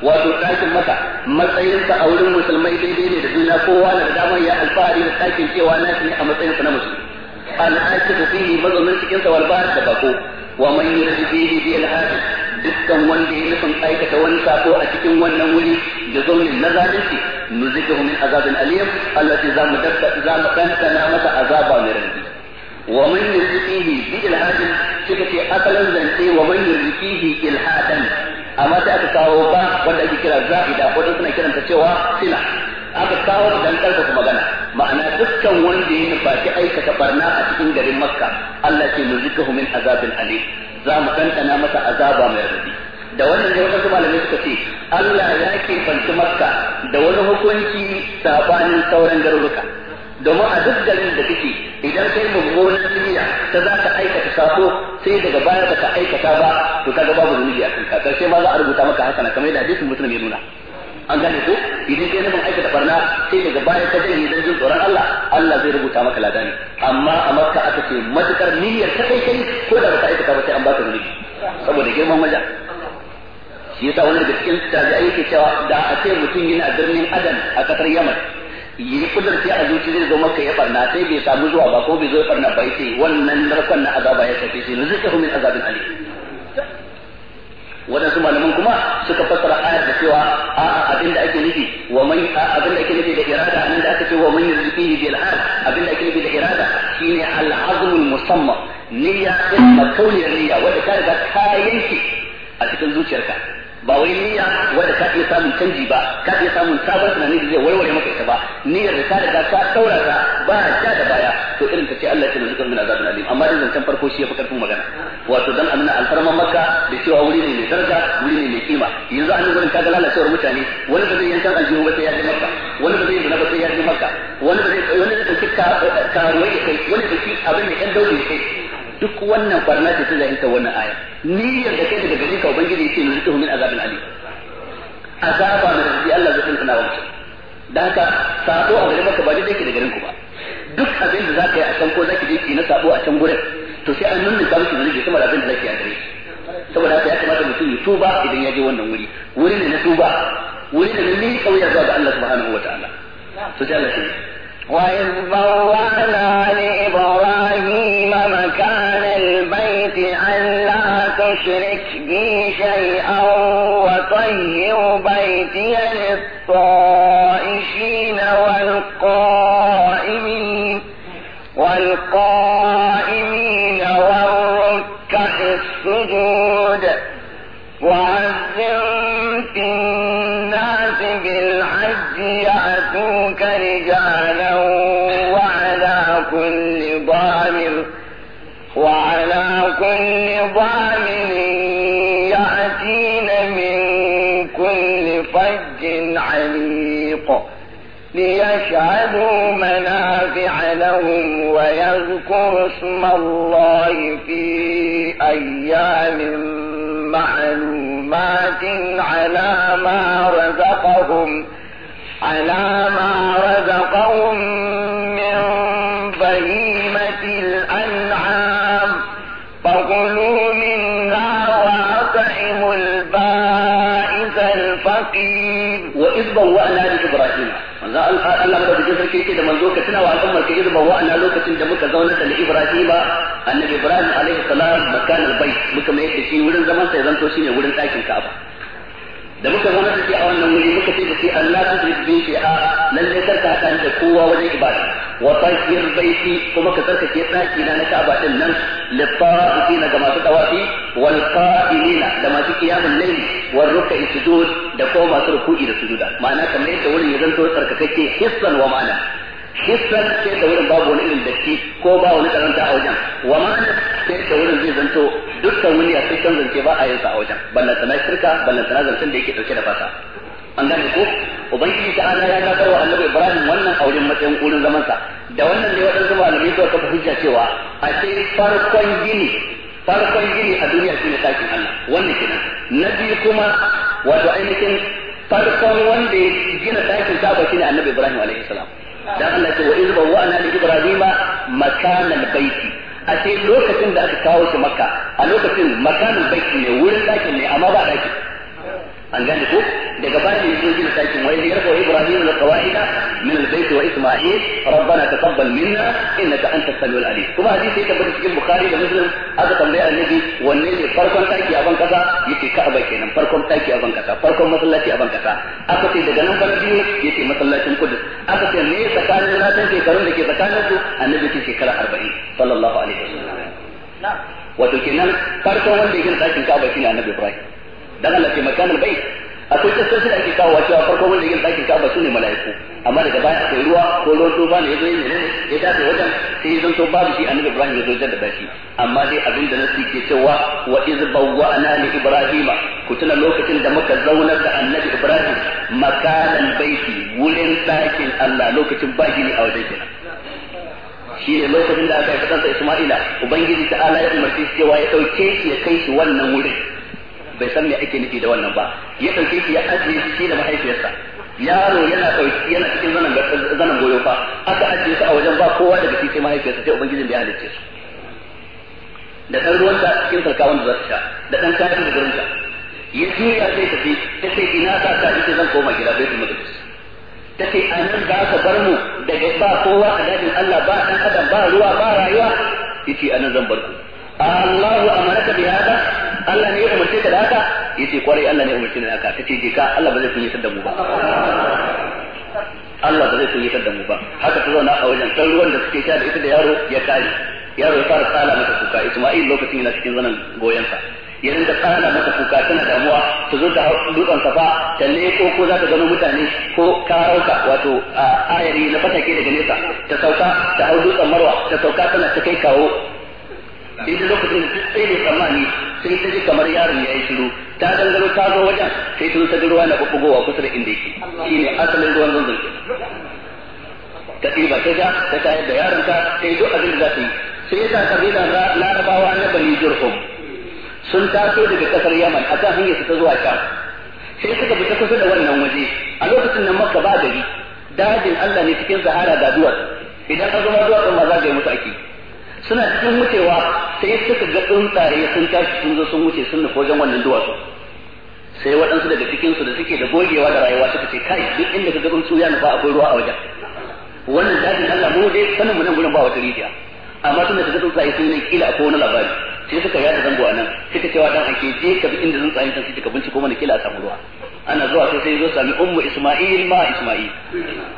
wato ɗakin maka matsayinsa a wurin musulmai daidai ne da juna kowa na da damar ya alfahari da ɗakin cewa na shi ne a matsayinsa na musulmi al-asibu fihi mazaunin cikin sa wal da bako wa man yuridu fihi bi al dukkan wanda ya nufin aikata wani sako a cikin wannan wuri da zaunin na zalunci nuzikahu min azabin aliyam allati za mu za mu masa azaba mai rantsi wa man yuridu fihi bi al suka ce asalin zance wa man yurfihi ilhadan amma sai aka kawo ba wanda ake kira za'ida ko suna kiranta cewa sila aka kawo dan karfafa magana ma'ana dukkan wanda ya nufaci aikata barna a cikin garin makka Allah ce nuzikahu min azabin ale. za mu ɗanɗana masa azaba mai rabi da wannan ne wasu malamai suka ce Allah ya ke fanci makka da wani hukunci sabanin sauran garuruka domin a duk garin da kake idan kai mummunan niyya ta za ka aikata sako sai daga baya ba baka aikata ba to kaga babu zunubi a kanka karshe ma za a rubuta maka hasana kamar yadda hadisin mutum ya nuna an gane ko idan kai nufin aikata barna sai daga baya ka dai dan jin tsoron Allah Allah zai rubuta maka ladani amma a makka aka ce matukar niyyar ta kai kai ko da baka aikata ba sai an baka zunubi saboda girman wajen shi yasa wani daga cikin tabi'ai yake cewa da a ce mutum yana birnin Adam a kasar Yaman yi kudurci a zuci zai zo maka ya barna sai bai samu zuwa ba ko bai zo ya barna ba yace wannan narkon na azaba ya shafe shi rizqahu min azabin alim wadansu malaman kuma suka fassara ayar da cewa a abinda ake nufi wa man abinda ake nufi da irada nan da aka ce wa man yurzihi bil hal abinda ake nufi da irada shine al azmul musamma niyya din makauniyar niyya wanda ka riga ka yanke a cikin zuciyarka ba wai niyya wadda ka iya samun canji ba ka iya samun sabon tunani da zai warware maka ita ba niyyar da ka riga ka daura ta ba ja da baya to irin ta ce Allah ya tunzuka min azabin alim amma dai zancen farko shi ya fi karfin magana wato dan amina alfarman makka da cewa wuri ne mai daraja wuri ne mai kima yanzu an gurin kaga lalacewar mutane wani da zai yanka aljihu ba sai ya je makka wani da zai yi ba sai ya je makka wani da zai wani da zai karuwai ya kai wani da zai abin da yan daure kai duk wannan barna ce ta jahilta wannan aya niyyar da kai daga gari ka ubangiji yake nuna tuhumin azabin ali azaba da rabbi Allah zai tantana wa mutum dan haka sabo a gare maka ba dai yake da garin ku ba duk abin da zaka yi a can ko zaki je ki na sabo a can gurin to sai an nuna ka miki zunubi sama abin da zaki a gare saboda haka ya kamata mutum ya tuba idan ya je wannan wuri wuri ne na tuba wuri ne na ni kauya zuwa ga Allah subhanahu wataala to sai Allah ya وإذ بوأنا لإبراهيم مكان appreciate it. كل يأتين من كل فج عليق ليشهدوا منافع لهم ويذكروا اسم الله في أيام معلومات على ما رزقهم على ما رزقهم da sarki yake da manzo ka wa al'ummar ka zuba wa'ana lokacin da muka zauna da Ibrahima annabi Ibrahim alaihi salam makan Bai muka mai da shi wurin zaman sa ya zanto shine wurin ɗakin Ka'aba da muka zama da shi a wannan wuri muka ce da shi Allah ta ji bi shi a lalle kar ka hada da kowa wajen ibada wa tahir baiti kuma ka tsarkake daki na na Ka'aba din nan lit-ta'ifina ga masu tawafi wal qa'ilina da masu qiyamul layl wal ruk'i sujud da kuma masu ruku'i da sujuda ma'ana kamar yadda wurin ya zanto tsarkakake hissan wa ma'ana hissan ke da wurin babu wani irin datti ko ba wani karanta a wajen wa ma'ana ke da wurin zai zanto dukkan wani a cikin zance ba a yin sa a wajen ballan sana shirka ballan sana zancen da yake dauke da fata an gane ko ubangiji ta ana ya gafar wa annabi ibrahim wannan auren matsayin wurin zaman sa da wannan ne wadansu malamai suka kafa hujja cewa a ce farkon gini farkon gini a duniya shine sakin Allah wannan kenan na biyu kuma wato ainihin farkon wanda ya gina sakin Kaaba shine annabi Ibrahim alaihi salam Da Allah ce wa iz bawwa'na li ibrahima makanal baiti a lokacin da aka kawo shi makka a lokacin makanal baiti ne wurin dakin ne amma ba dakin an gane ko daga bayan ya zoji da sakin wai yarfa ibrahim da qawaida min albayt wa isma'il rabbana taqabbal minna innaka antas samiul alim kuma hadisi ya tabbata cikin bukhari da muslim aka tambaya annabi wanne ne farkon taki a bankasa kasa yace ka'aba kenan farkon taki a bankasa farkon masallaci a bankasa aka ce daga nan bana biyu yace masallacin kudus aka ce ne tsakanin ratan karun da ke tsakanin su annabi ce shekara 40 sallallahu alaihi wasallam wato kenan farkon wanda ya gina dakin ka'aba shine annabi ibrahim dan Allah ce bai akwai kasoshi da ake kawo cewa farko wanda yake ɗakin ka'aba su ne mala'iku amma daga baya akwai ruwa ko ruwan tufa ne ya yin ne ya dace wajen sai zan so babu shi annabi ibrahim ya zo da baki amma dai abin da nasu ke cewa wa iz bawwa'na li ibrahima ku tuna lokacin da muka zauna da annabi ibrahim makanan baiti wurin ɗakin Allah lokacin ba gini a wajen kenan shi ne lokacin da aka yi Isma'ila Ubangiji ta'ala ya umarci cewa ya ɗauke shi ya kai shi wannan wurin bai san me ake nufi da wannan ba ya dauke shi ya ajiye shi da mahaifiyarsa yaro yana dauki yana cikin zanen zanen goyo fa aka ajiye shi a wajen ba kowa daga shi sai mahaifiyarsa sai ubangijin da ya halicce su da ɗan ruwan ta cikin sarkawan da za ta sha da ɗan kayan da garinta ya juya sai tafi ta ce ina za ta ita zan koma gida bai kuma ta ce a nan za ka bar mu daga ba kowa a dajin Allah ba ɗan adam ba ruwa ba rayuwa Ita anan a nan zan bar ku Allahu amaraka bi hada Allah ne ya umarce ka da haka Ya ce kwarai Allah ne ya umarce ni da haka Ta ce ka Allah ba zai kunyata da mu ba Allah ba zai kunyata da mu ba haka ta zauna a wajen san ruwan da suke sha da ita da yaro ya kare yaro ya fara tsala masa kuka Isma'il lokacin yana cikin zanan goyensa ya rinka tsala masa kuka tana damuwa ta zo ta dutsen safa ta leko ko za ta gano mutane ko karauka wato ayari na fatake daga nesa ta sauka ta hau dutsen marwa ta sauka tana ta kai kawo in ji lokacin duk sai ne tsammani sai ta ji kamar yaron ya yi shiru ta dangaro ta zo wajen sai ta zo ta ruwa na bubbugowa kusa da inda yake ne asalin ruwan zanzan ta ɗiba ta ja ta tayar da yaron ta sai duk abin da za ta yi sai ya kabilan larabawa na bani jurhum sun taso daga kasar yaman a kan hanyar su ta zuwa sham sai suka fita kusa da wannan waje a lokacin nan makka ba gari dajin Allah ne cikin sahara ga duwatsu idan ka zama duwatsun ma za ka yi musu ake suna cikin wucewa sai suka ga tsuntsaye sun tashi sun zo sun wuce sun nufi wajen wannan duwatsu sai waɗansu daga cikinsu da suke da gogewa da rayuwa suka ce kai duk inda ka ga tsuntsu ya nufa akwai ruwa a wajen wannan dajin Allah mu dai sanin mu nan gurin ba wata rijiya amma tun da ka ga tsuntsaye sun yi kila ko wani labari sai suka yada zango a nan suka cewa dan ake je ka bi inda tsuntsayen sun suke ka binciko mana kila a samu ruwa ana zuwa sai sai zo sami ummu isma'il ma isma'il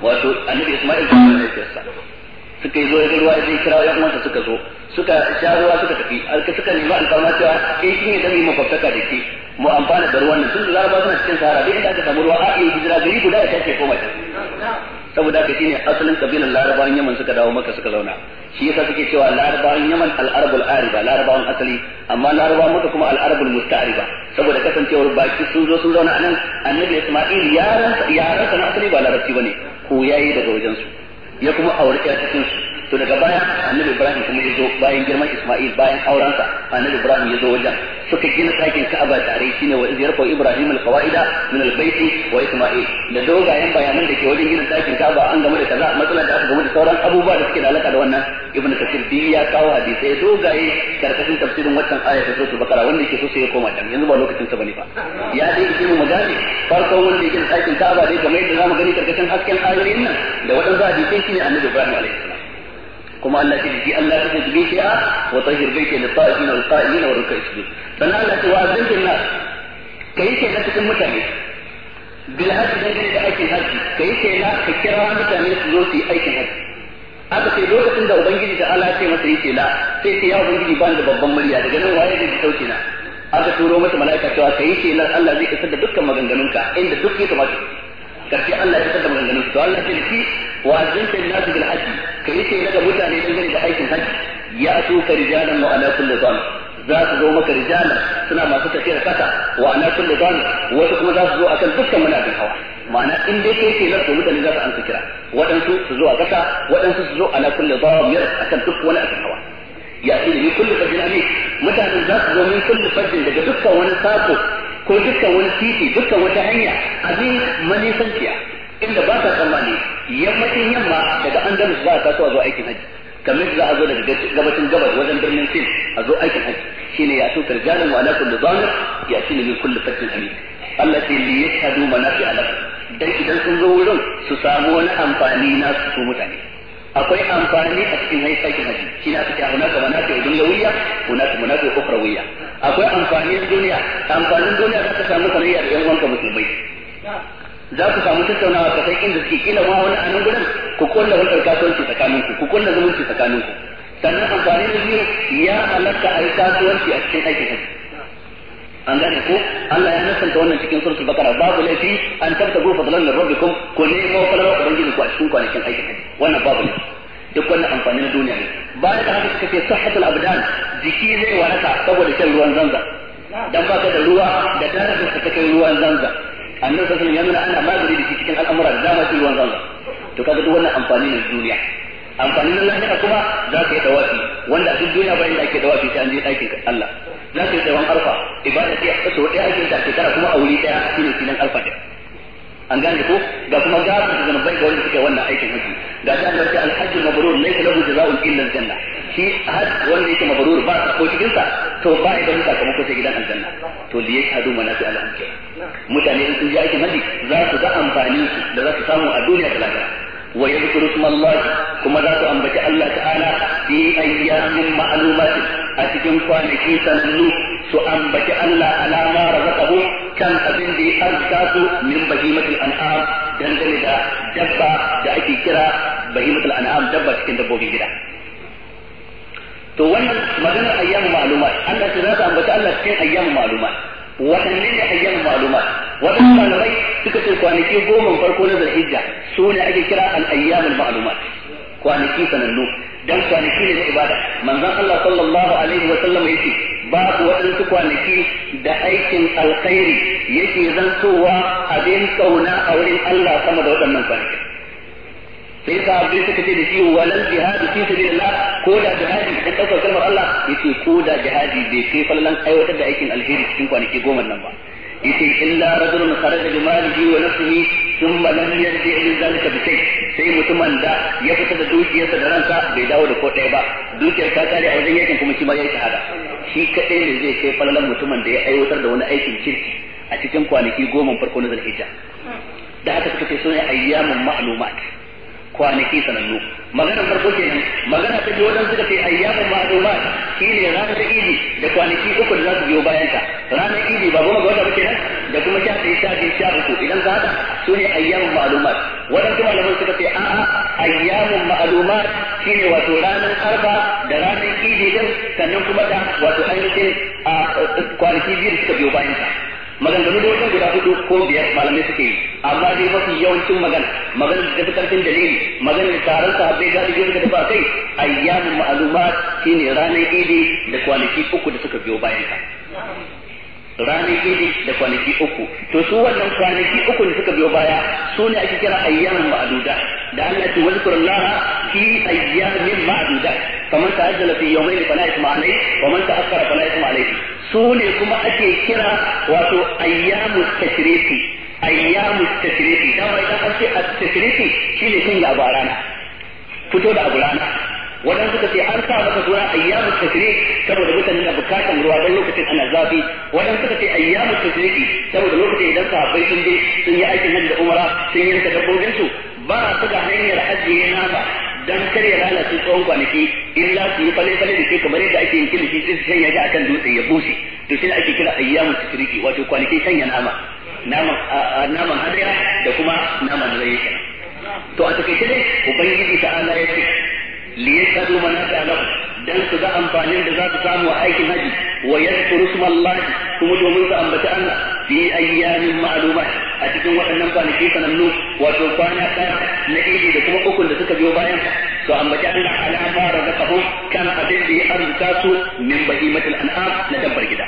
wato annabi isma'il da mahaifiyarsa suka yi zuwa ruwa zai kira ya kuma suka zo suka sha ruwa suka tafi alka suka nemi alfarma cewa ke eh, shi ne zan yi makwabtaka da ke mu amfana da ruwan nan tun da laraba suna cikin sahara bai inda aka samu ruwa a iya hijira gari guda ya tashi koma ta saboda haka shine asalin kabilan larabawan yaman suka dawo maka suka zauna shi yasa suke cewa larabawan yaman al'arabul ariba larabawan asali amma larabawan maka kuma al'arabul arabul musta'riba saboda kasancewar baki sun zo sun zauna anan annabi isma'il yaran yaran na asali ba larabci bane ko yayi daga wajen su ya kuma aure ya cikin su to daga baya annabi ibrahim kuma ya zo bayan girman isma'il bayan aurensa annabi ibrahim ya zo wajen suka gina sakin ka'aba tare shi ne wa izyar ko ibrahim alqawaida min albayt wa isma'il da dogayen bayanan da ke wajen gina sakin ka'aba an game da kaza matsalar da aka game da sauran abubuwa da suke da alaka da wannan ibnu kasir bi ya kawo hadisi dogaye karkashin tafsirin wannan aya ta suratul baqara wanda yake so sai ya koma can yanzu ba lokacin sa bane fa ya dai yake mu magani farko wanda yake sakin ka'aba dai kamar yadda zamu gani karkashin hasken ayoyin nan da waɗansu hadisi shine annabi ibrahim alaihi kuma Allah ce shi Allah ta tafi shi'a wa tahir baiti lil ta'ifin wal qa'imin wa ruk'i sujud sannan Allah ce wa azzantin nas kai ke na cikin mutane bil hajji da da aikin hajji kai ke na ka kira mutane su zo su yi aikin hajji aka ce lokacin da ubangiji da Allah ce masa yake la sai ce ya ubangiji ban da babban murya daga nan waye da sauki na aka turo masa mala'ika cewa kai ke na Allah zai isar da dukkan maganganunka inda duk ya kamata karshe Allah ya isar da maganganunka to Allah ce shi wa azzantin nas bil hajji ka yi shaida ga mutane dangane da aikin hajji ya su ka rijalan wa ala kulli zan za su zo maka rijalan suna masu tafiyar kasa wa ala kulli zan wasu kuma za su zo akan dukkan manajin hawa ma'ana in dai kai ke lardu mutane za su amsa kira waɗansu su zo a kasa waɗansu su zo ala kulli zamir akan duk wani akan hawa ya ce ni kullu fajin ami mutane za su zo min kullu fajin daga dukkan wani sako ko dukkan wani titi dukkan wata hanya abin manisanciya inda ba ta tsammani yammacin yamma daga andalus ba a tasowa zuwa aikin haji kamar za a zo daga gabacin gabas wajen birnin sin a zo aikin haji shine ya tukar jalan wa da zamir ya shine min kulle fatin amin Allah ta li na fi alaƙa dan idan sun zo wurin su samu wani amfani na su mutane akwai amfani a cikin hai aikin haji shi na fi aka ko na fi mana fi manafi wuya akwai amfani na duniya amfanin duniya za ka samu sanayya da yan wanka musulmai za ku samu tattaunawa ka san inda suke kila ma wani anan gurin ku kulla hulɗar kasuwanci tsakaninku ku kulla zumunci tsakaninku sannan amfani da biyu ya halatta a yi kasuwanci a cikin aikin hajji an gane ko Allah ya nasanta wannan cikin suratul bakara babu laifi an tabtagu fadlan min rabbikum ko ne ma fadlan ubangiji ku a cikin kwanakin aikin hajji wannan babu laifi duk wannan amfani na duniya ne bayan da haka suka ce sahhatul abdan jiki zai waraka saboda shan ruwan zanza dan baka da ruwa da darajar ta kai ruwan zanza annabi sallallahu alaihi wasallam ya nuna ana magani da shi cikin al'amura da dama cikin ruwan zanzan to kaga duk wannan amfani ne duniya amfani na lahira kuma za ka yi dawafi wanda a duk duniya bayan da ake dawafi sai an je ɗakin Allah za ka yi tsawon arfa ibada ce a kasuwa ɗaya ake ta shekara kuma a wuri ɗaya shine filin alfa ɗaya an gane ko ga kuma gara da zanubai ga wanda suke wannan aikin haji ga shi an barci alhaji mabrur laysa lahu jazaa'un illa aljanna shi hajj wanda yake mabrur ba ta ko cikin sa to ba ya da sakamako sai gidan aljanna to li yashhadu manafi alhamdi mutane in sun ji aikin haji za su ga amfani da za su samu a duniya da lafiya wa yadhkuru smallahi kuma za su ambaci Allah ta'ala fi ayyamin ma'lumatin a cikin kwanaki sanannu su ambaci Allah alama razaqahu kan abin da ya arzika su min bahimatul an'am dangane da dabba da ake kira bahimatul an'am dabba cikin dabbobin gida to wannan maganar ayyamu maluma Allah ta zata ambata Allah cikin ayyamu maluma waɗanne ne ayyamu maluma waɗannan malamai suka ce kwanaki goma farko na zulhijja su ne ake kira al-ayyamul maluma kwanaki sanannu dan kwanaki ne na ibada manzon Allah sallallahu alaihi wa sallam yace babu waɗansu kwanaki da aikin alkhairi yake zantowa abin kauna a wurin Allah sama da waɗannan kwanaki sai sahabbai suka ce da shi walal jihadu fi sabilillah ko da jihadi da ɗaukar kalmar Allah yace ko da jihadi bai kai fallan aiwatar da aikin alheri cikin kwanaki goma nan ba yace illa rajulun kharaja bi malihi wa nafsihi thumma lam yarji ila zalika bi shay sai mutumin da ya fita da dukiyarsa da ransa bai dawo da ko ɗaya ba dukiyar ta kare a wajen yakin kuma shi ma yayi shahada shi kaɗai ne zai kai falalan mutumin da ya aiwatar da wani aikin kirki a cikin kwanaki goma farko na zulhijja da haka suka ce sunan ayyamun ma'lumat kwanaki sanannu maganar farko kenan magana ta biyo dan suka ce ayyamun shi shine ranar da idi da kwanaki uku da za su biyo bayan ta ranar idi ba goma ga wata bace nan da kuma sha ɗaya sha biyu sha uku idan za ta su ne ayyamun ma'lumat kuma malaman suka ce a'a ayyamun shi shine wato ranar arba da ranar idi din sannan kuma da wato ainihin a kwanaki biyu da suka biyo bayan ta maganganu da wajen guda hudu ko biyar malamai suke yi amma dai mafi yawancin magana magana da tafi karfin dalili magana da taron ta galibi da tafi a kai ayyamin ma'alumat shine ranar idi da kwanaki uku da suka biyo bayan ka ranar idi da kwanaki uku to su wannan kwanaki uku da suka biyo baya su ne ake kira ayyami ma'aduda da Allah wani wazkur Allah fi ayyamin ma'aduda faman ta'ajjala fi yawmayn fala ithma alayhi wa man ta'akhkhara fala ithma alayhi su ne kuma ake kira wato ayyamu tashriqi ayyam tashriqi dan bai da kace at shine kin da rana fito da abu rana wadan suka ce an sa maka suna ayyam tashriq saboda mutane na bukatan ruwa dan lokacin ana zafi wadan suka ce ayyam tashriqi saboda lokacin idan bai sun je sun yi aikin hajji da umara sun yi dabbobin su ba su ga hanyar ajiye ba dan kar ya lalace tsawon kwanaki illa su yi fale-fale da ke kamar yadda ake yin kilishi sai su shanya shi akan dutse ya bushe to shi ake kira ayyam wato kwanaki shanya nama naman hadaya da kuma naman hadaya kenan to a takaice dai ubangiji ta ala ya ce li yasadu manata lahu dan su ga amfanin da za su samu a aikin haji wa yadhkuru smallahi kuma domin su ambaci Allah fi ayyamin ma'lumat a cikin waɗannan kwanaki sanannu wato kwana ɗaya na iri da kuma ukun da suka biyo bayan su ambaci Allah ala ma razaqahum kan abin da ya arzuta su min bahimatil an'am na dabbar gida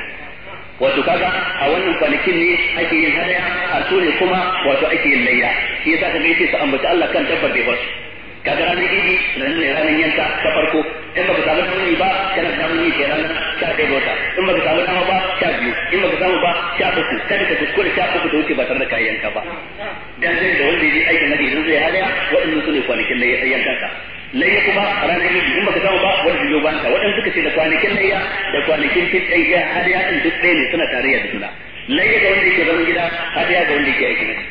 wato kaga a wannan kwanakin ne ake yin hadaya a sune kuma wato ake yin layya shi yasa kaga yace su ambaci Allah kan dabbar da basu kaga ranar idi ranar ne ranar yanka ta farko in baka samu namiji ba kana da namiji ke ranar sha ɗaya ga wata in baka samu dama ba sha biyu in baka samu ba sha uku kada ka kuskure sha uku da wuce ba tare da kayan yanka ba dan zai da wanda ya yi aikin nadi zai hadaya waɗannan su ne layya yankan ka layya kuma ranar yin in baka samu ba wani biyo ba ta waɗanda suka ce da kwanakin layya da kwanakin fit ɗai ya har ya ɗin duk ɗaya ne suna tarayya da juna layya ga wanda yake zaman gida har ya ga wanda yake aikin gida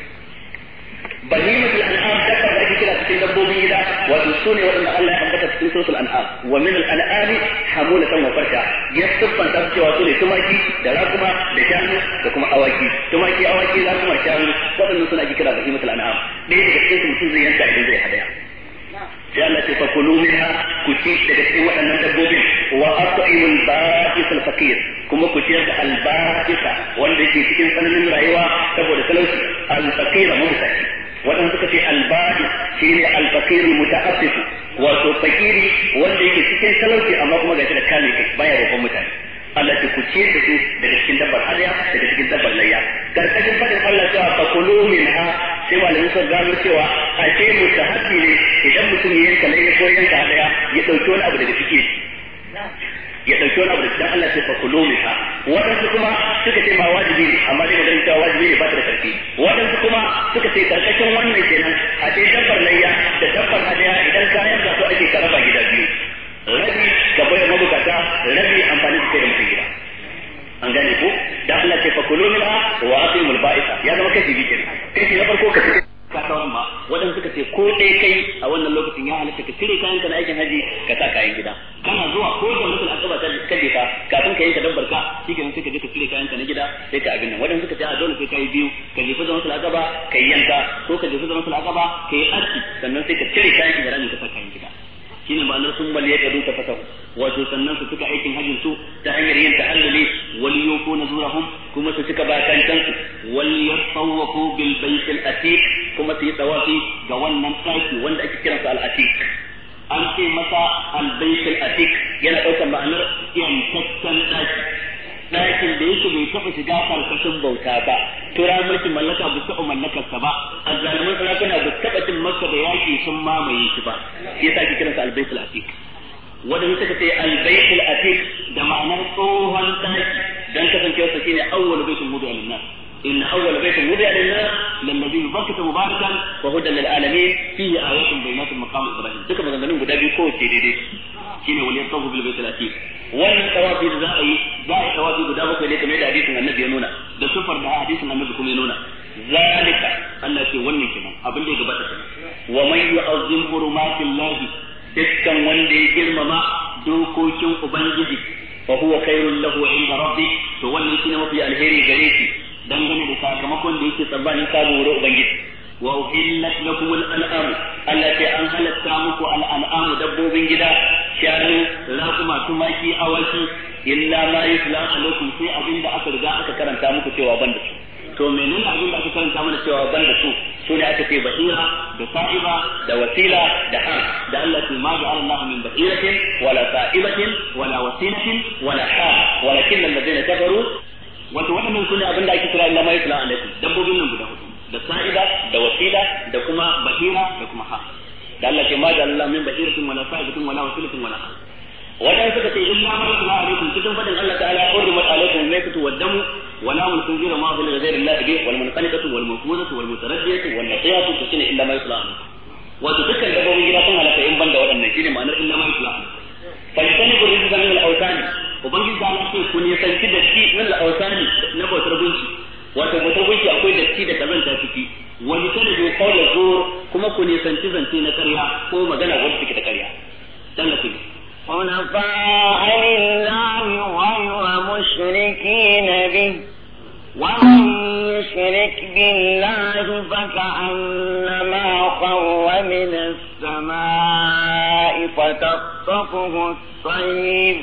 bahimatul an'am dabbar da ake kira cikin dabbobin gida wato sune waɗanda Allah ya ambata cikin suratul an'am wa min al an'ami hamulatan wa farsha ya siffanta su cewa su ne tumaki da rakuma da shanu da kuma awaki tumaki awaki da rakuma shanu waɗannan suna ake kira bahimatul an'am ɗaya daga cikin su mutum zai yanka idan zai hadaya sai Allah ce fa kulu minha ku ci daga cikin waɗannan dabbobin wa at'imul ba'is al faqir kuma ku ciyar da al ba'isa wanda yake cikin tsananin rayuwa saboda talauci al faqir mutaki waɗanda suka ce al ba'is shine al faqir muta'assif wato fakiri wanda yake cikin talauci amma kuma gashi da kame kai baya roƙon mutane Allah ce ku da su daga cikin dabbar hadaya daga cikin dabbar layya karkashin fadin Allah cewa fa kulu minha sai malamin sun gano cewa a ce haƙi ne idan mutum ya yanka layya ko yanka hadaya ya dauki wani abu daga cikin ya dauki wani abu daga cikin Allah sai fa kulu minha wadansu kuma suka ce ba wajibi ne amma dai maganin cewa wajibi ne ba ta da karfi wadansu kuma suka ce karkashin wannan kenan a ce dabbar layya da dabbar hadaya idan kayan da su ake karaba gida biyu rabi ga bayar mabukata rabi amfani da kai da mutum gida an gane ko da Allah ce fakulu minha wa atimul ba'isa ya zama kai biyu kenan kashi na farko ka ci ka samu ma wadanda suka ce ko dai kai a wannan lokacin ya halatta ka cire kayan ka na aikin haji ka sa kayan gida kana zuwa ko da mutum asaba ta kaje ka kafin ka yanka dabbar ka shikenan sai ka je ka cire kayan ka na gida sai ka abin nan wadanda suka ce a dole sai kai biyu ka je zama sul agaba ka yanka ko ka je fuzon sul agaba ka yi aski sannan sai ka cire kayan ka na ka sa kayan gida shine ma'anar sun bal ya kadu ta fasahu wato sannan su suka aikin hajjin su ta hanyar yin ta'allali wal yukuna zurahum kuma su suka ba kantan su wal yatawafu bil bayt al atiq kuma su yi tawafi ga wannan tsaki wanda ake kiransa al atiq an ce masa al bayt al atiq yana daukar ma'anar yantaccen tsaki ɗakin da yake bai taɓa shiga farkashin bauta ba tura mulkin mallaka bisa taɓa sa ba azzalimin sarakuna ba taɓa cin masa da yaƙi sun mamaye shi ba shi ki ake kiransa albaitul atiq wadanda suka ce albaitul atiq da ma'anar tsohon ɗaki dan kasancewarsa shine awwal baitul mudu lin nas إن أول بيت وضع للناس للذي ببكة مباركا وهدى للعالمين فيه آيات بينات مقام إبراهيم duka maganganun guda biyu kowace daidai shine wani ya tsawo bilbai talatin wannan tawafi da a yi za a yi tawafi guda bakwai ne kamar da hadisin annabi nuna da sufar da hadisin annabi kuma ya nuna zalika Allah ce wannan kenan abin da ya gabata kenan wa man yu'azzim hurumatillahi dukkan wanda ya girmama dokokin ubangiji fa huwa khairul lahu inda rabbi to mafi alheri gare dangane da sakamakon da yake tsammanin samun wurin ubangiji wa uhillat lakum al-an'am allati an halatta muku al-an'am dabbobin gida shanu rakuma tumaki awaki illa ma yusla alaikum sai abinda aka riga aka karanta muku cewa ban da su to menene abin da aka karanta mana cewa ban da su su ne aka ce basira da sa'iba da wasila da har da Allah ce ma ga Allah min basiratin wala sa'ibatin wala wasilatin wala har walakin alladhina kafaru wanda waɗannan ne abin da ake kira illa ma yusla alaikum dabbobin nan guda hudu da sa'ida da wasila da kuma bahira da kuma ha da Allah ke ma da Allah min bahiratin wala sa'idatin wala wasilatin wala ha wajen suka ce illa ma yusla alaikum cikin fadin Allah ta'ala hurrimat alaikum maitatu wa damu wala mun tunzira ma da zai bil ghairi Allah bi wal munqanikatu wal mawqudatu wal mutaraddiyatu su su tusina illa ma yusla alaikum wato dukkan dabbobin gida sun halaka in banda waɗannan shine ma'anar illa ma yusla alaikum fa yusani bi rizqan min al-awsani ubangiji ta Allah sai ku ne san da shi na bautar gunki wato bautar gunki akwai datti da kazanta ciki wani tana bi da zur kuma ku ne san zance na karya ko magana wanda take da ƙarya dan da kuma حنفاء لله غير مشركين به ومن يشرك بالله فكأنما خر من السماء فتخطفه الطير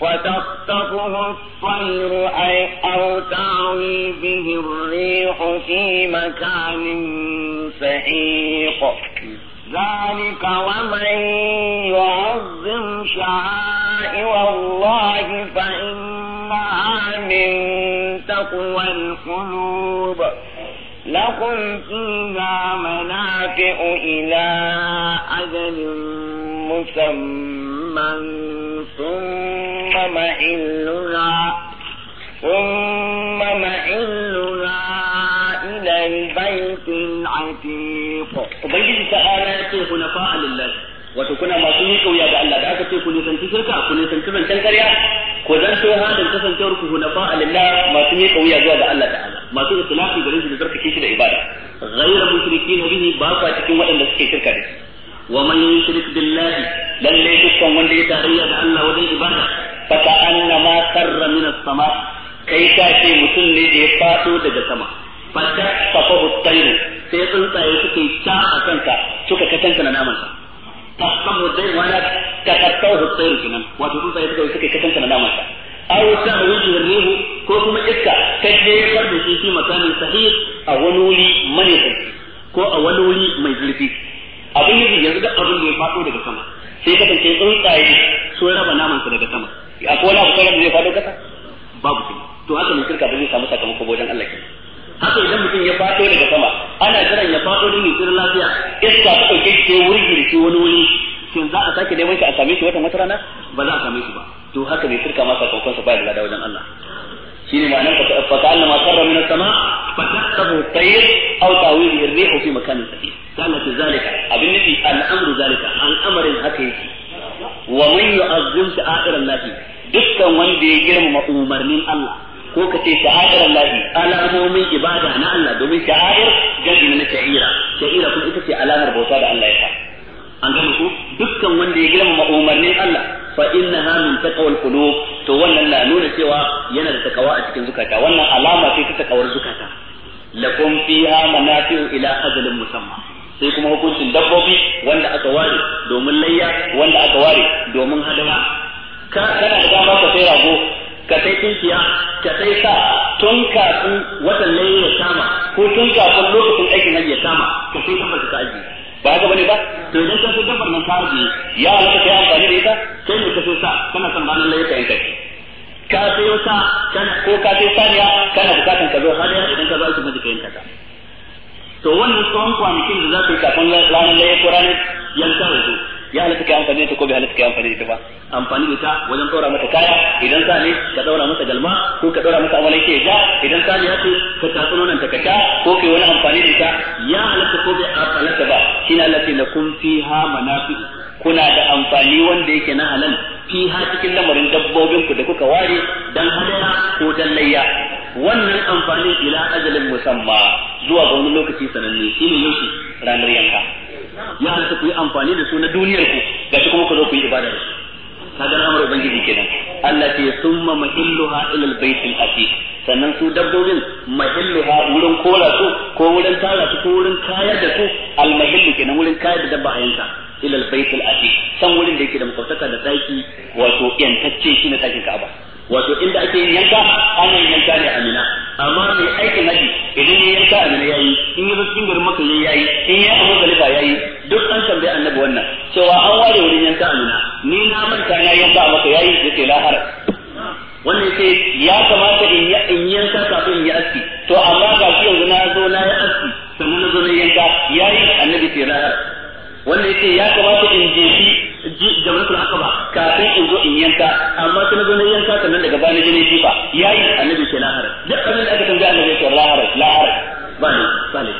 وتخطفه الطير أي أو تعوي به الريح في مكان سحيق ذلك ومن يعظم شعائر الله فإنها من تقوى القلوب لكم فيها منافع إلى أجل مسمى ثم محلها ثم محلها إلى البيت العتيق وبيجي سآلة خلفاء لله وتكون مصيرك ويا جعل لك أكتو كوني سنتسرك كوني سنتسرك تنكريا كوزنتو ها سنتسرك خلفاء لله مصيرك ويا جعل لك ما تقول خلاف الدرجة لدرك كيش العبادة غير مشركين به باقى تكون وإن لسكي شركة ومن يشرك بالله لن ليتكم من ليتهيأ بأن الله وذي عبادة fa ka annama sarra min as-sama kai ka ce mutum ne da ya fado daga sama fa ta fafa sai tsuntsaye suka suke ta a kanka suka katanta na namansa tasqamu dai wala ka tasqamu hutairu kinan wato tsuntsaye suka suke katanta na namansa ta wuce da rihu ko kuma iska ta ya da shi fi makamin sahih a wani wuri mani ko a wani wuri mai zurfi abin yanzu yanzu da abin da ya fado daga sama sai kasance tsuntsaye sun raba namansa daga sama ya ko wani abu sauran da zai faɗo kasa babu shi to haka mai shirka ba zai samu sakamako ba wajen Allah ke. haka idan mutum ya faɗo daga sama ana jiran ya faɗo don yusir lafiya iska ta ɗauke shi wuri girki wani wuri shin za a sake neman shi a same shi watan wata rana ba za a same shi ba to haka mai shirka ma sakamakon sa baya da lada wajen Allah shine ma'anar fa ta'alla ma sarra min as-sama fa tahtabu at-tayr aw tawilu ar-rih fi makanin sahih kana zalika abin nufi al-amru zalika al-amrin haka yake wa man yu'azzim sha'air Allah dukkan wanda ya girmama umarnin Allah ko ka ce sha'airan lahi alamomin ibada na Allah domin sha'air gadi na sha'ira sha'ira kuma ita ce alamar bauta da Allah ya sa an gane ku dukkan wanda ya girmama umarnin Allah fa innaha min taqwal qulub to wannan na nuna cewa yana da takawa a cikin zukata wannan alama ce ta takawar zukata lakum fiha manafi'u ila ajalin musamman. sai kuma hukuncin dabbobi wanda aka ware domin layya wanda aka ware domin hadama ka kana da dama ka sai rago ka sai tunkiya ka sai sa tun kafin watan layya ya kama ko tun kafin lokacin aikin hajji ya kama ka sai kamar ka aji ba haka bane ba to idan ka sai dabbar nan ka aji ya ka kai amfani da ita sai mu ka sai sa kana son ranar layya ka yanka ka sai wata ko ka sai saniya kana bukatan ka zo har idan ka zo shi maji ka yanka ta to wannan tsawon kwanakin da za su yi kafin ranar laye ko ranar yankan rasu ya ka kai amfani da ta ko bai ka kai amfani da ba amfani da ta wajen ɗora mata kaya idan sa ne ka ɗora masa galma ko ka ɗora masa amalan ke ja idan sa ne ya ce ka tatsi nonon ka sha ko kai wani amfani da ta ya halitta ko bai halitta ba shi na halitta na kun fi ha manafi kuna da amfani wanda yake na halal fi ha cikin lamarin dabbobinku da kuka ware dan hadara ko dan layya wannan amfanin ila ajalin musamma zuwa ga wani lokaci sananne shine yaushe ranar yanka ya halatta ku yi amfani da su na duniyar ku gashi kuma ku zo ku yi ibada da su ga al'amarin ubangiji kenan Allah ce summa mahilluha ila al-bayt al-atiq sannan su dabbobin mahilluha wurin kola su ko wurin tara su ko wurin kayar da su al-mahillu kenan wurin kayar da dabba a yanka ila al-bayt al-atiq san wurin da yake da makwataka da daki wato yantacce shi na dakin Ka'aba wato inda ake yin yanka ana yin yanka ne a mina amma mai aikin haji idan ya yanka a mina yi in yi zo garin maka yi in ya abu galifa yi duk an tambaye annabi wannan cewa an ware wurin yanka a mina ni na manta na yanka a maka yi da ke lahara. wannan sai ya kamata in yi yanka kafin in yi aski to amma ga shi yanzu na zo na yi aski sannan na zo na yanka ya yi annabi ke la wanda yake ya kamata in jefi haka ba kafin in zo in yanka amma sai zo na yanka sannan daga bani na shi ba ya yayi annabi ce la haraj duk abin da aka tambaya annabi ce la haraj la ba ne ba ne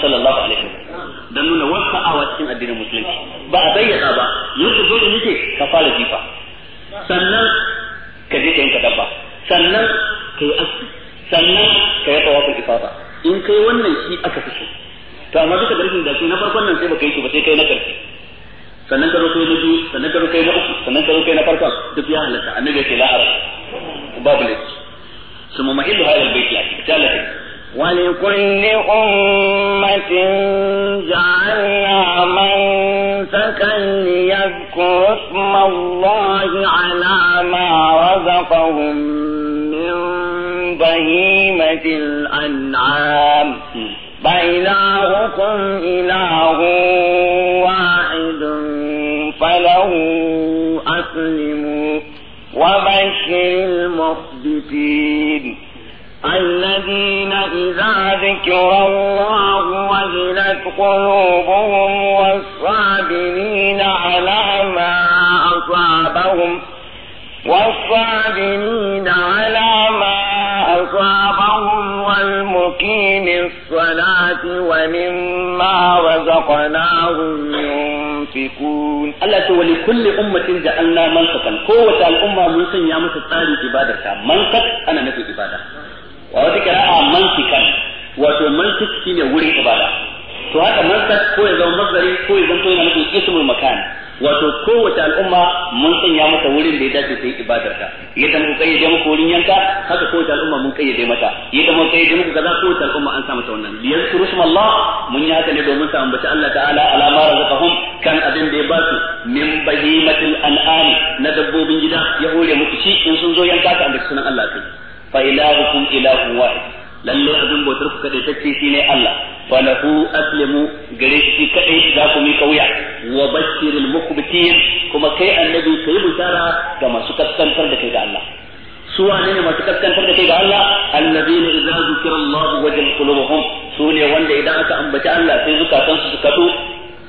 sallallahu alaihi wasallam dan nuna a cikin addinin musulunci ba a bayyana ba yanzu zo in yake ka fara jifa sannan ka je ka yanka dabba sannan ka yi sannan ka yi tawafin ifafa in kai wannan shi aka fi shi. to amma duka darasin da na farkon nan sai baka yi shi ba sai kai na karshe sannan ka zo kai na biyu sannan ka zo kai na uku sannan ka zo kai na farkon duk ya halatta annabi yake la'ara babu ne su mu mahillu hadal baiti a cikin talatin ولكل أمة جعلنا منسكا ليذكروا اسم الله على ما رزقهم من بهيمة الأنعام لكم إله واحد فله أسلموا وبشر المخبتين الذين إذا ذكر الله وجلت قلوبهم والصابرين على ما أصابهم والصابرين على ما أصابهم والمقيم الصلاة ومما رزقناهم ينفقون الله تولي كل أمة جعلنا منسكا قوة الأمة من سن يامس التالي إبادة منسك أنا نفي إبادة وذكر منسكا wato mantik shine wurin ibada to haka mansak ko ya zama mazari ko ya zanto yana nufin ismul makan wato kowace al'umma mun sanya mata wurin da ya dace ta yi ibadar ta yadda muka kayyade ko wurin yanka haka kowace al'umma mun da mata yadda muka kai muku kaza kowace al'umma an sa mata wannan liyar kurushin Allah mun yi haka ne domin ta ambaci Allah ta'ala ala ma razaqahum kan abin da ya ba su min bahimatil an'ami na dabbobin gida ya hore muku shi in sun zo yanka ka ambaci sunan Allah kai fa ilahukum ilahun wahid lalle abin bautar ku kadai tacce ne Allah falahu lahu aslimu gare shi kadai za ku mika wuya wa bashiril muqbitin kuma kai annabi kai bishara ga masu kaskantar da kai ga Allah su wane ne masu kaskantar da kai ga Allah alladheena idza zukira Allah wajal qulubuhum su ne wanda idan aka ambaci Allah sai zukatansu su kadu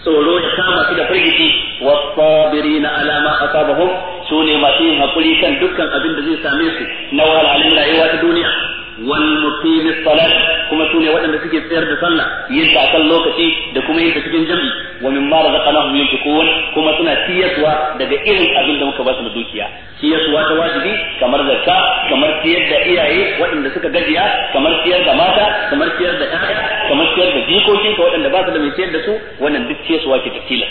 tsoro ya kama su da firgici wasabirina ala ma asabahum su ne masu yin hakuri kan dukkan abin da zai same su na wahalhalin rayuwa ta duniya wal mutimi salat kuma su ne waɗanda suke tsayar da sallah yin ta akan lokaci da kuma yin ta cikin jami wa min mara da kanahu yin tukun kuma suna tiyaswa daga irin abin da muka ba su na dukiya tiyaswa ta wajibi kamar da ka kamar tiyar da iyaye waɗanda suka gajiya kamar tiyar da mata kamar tiyar da ɗaya kamar tiyar da jikokin ka waɗanda ba su da mai tiyar su wannan duk tiyaswa ke tafila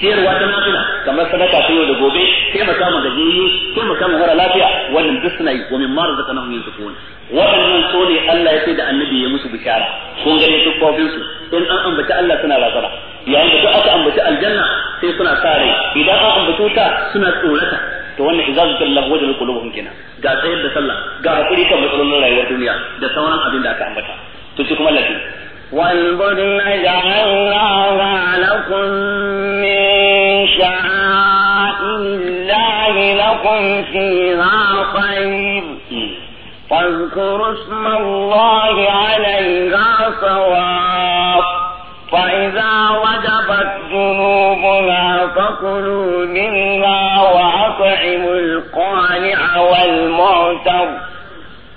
ciyarwa ta nafila kamar sadaka ta yau da gobe taimaka ma gajiyayyu taimaka ma mara lafiya wannan duk suna yi wa min ma razaqnahum yunfiqun waɗannan so ne Allah ya ce da annabi ya musu bishara kun gane su kofin su in an ambaci Allah suna razana yayin da duk aka ambaci aljanna sai suna sa rai idan an ambaci wuta suna tsorata to wannan izazu billah wajal qulubuhum kenan ga tsayar da sallah ga hakuri kan matsalolin rayuwar duniya da sauran abin da aka ambata to shi kuma lafiya والبدن جعلناها لكم من الله لكم فيها خير فاذكروا اسم الله عليها صواب فإذا وجبت جنوبنا فكلوا منها وأطعموا القانع والمعتر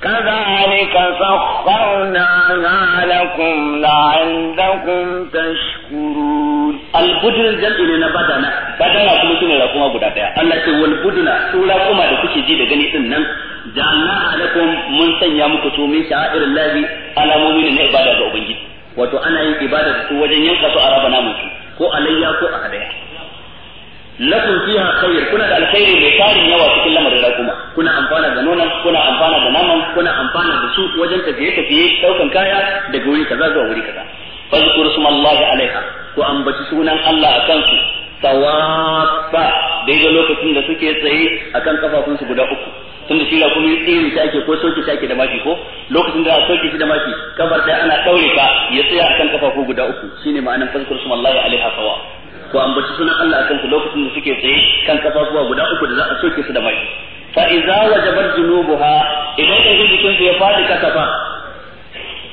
كذلك سخرناها لكم لعلكم تشكرون البدن الجمع ne na badana badana kuma shine rakuma guda daya Allah ce wal buduna su rakuma da kuke ji da gani din nan ja'alna alaikum mun sanya muku su min sha'iril lahi alamomi na ibada ga ubangiji wato ana yin ibada da su wajen yanka su a raba namun ko a layya ko a hadaya lakum fiha khair kuna da alkhairi mai tarin yawa cikin lamarin rakuma kuna amfana da nonon kuna amfana da naman kuna amfana da su wajen tafiye tafiye daukan kaya daga wuri kaza zuwa wuri kaza fazkuru smallahi alaiha ku ambaci sunan Allah akan su tawaffa daidai lokacin da suke tsaye akan kafafun su guda uku Tun da shi kuma irin ta ake ko soke ta da maki ko lokacin da a soke shi da maki kabar da ana daure ka ya tsaya akan kafafu guda uku shine ma'anan fazkuru smallahi alaiha tawaffa ku ambaci sunan Allah akan su lokacin da suke tsaye kan kafafuwa guda uku da za a soke su da mai fa iza wajabat junubuha idan ji jikin su ya fadi kasafa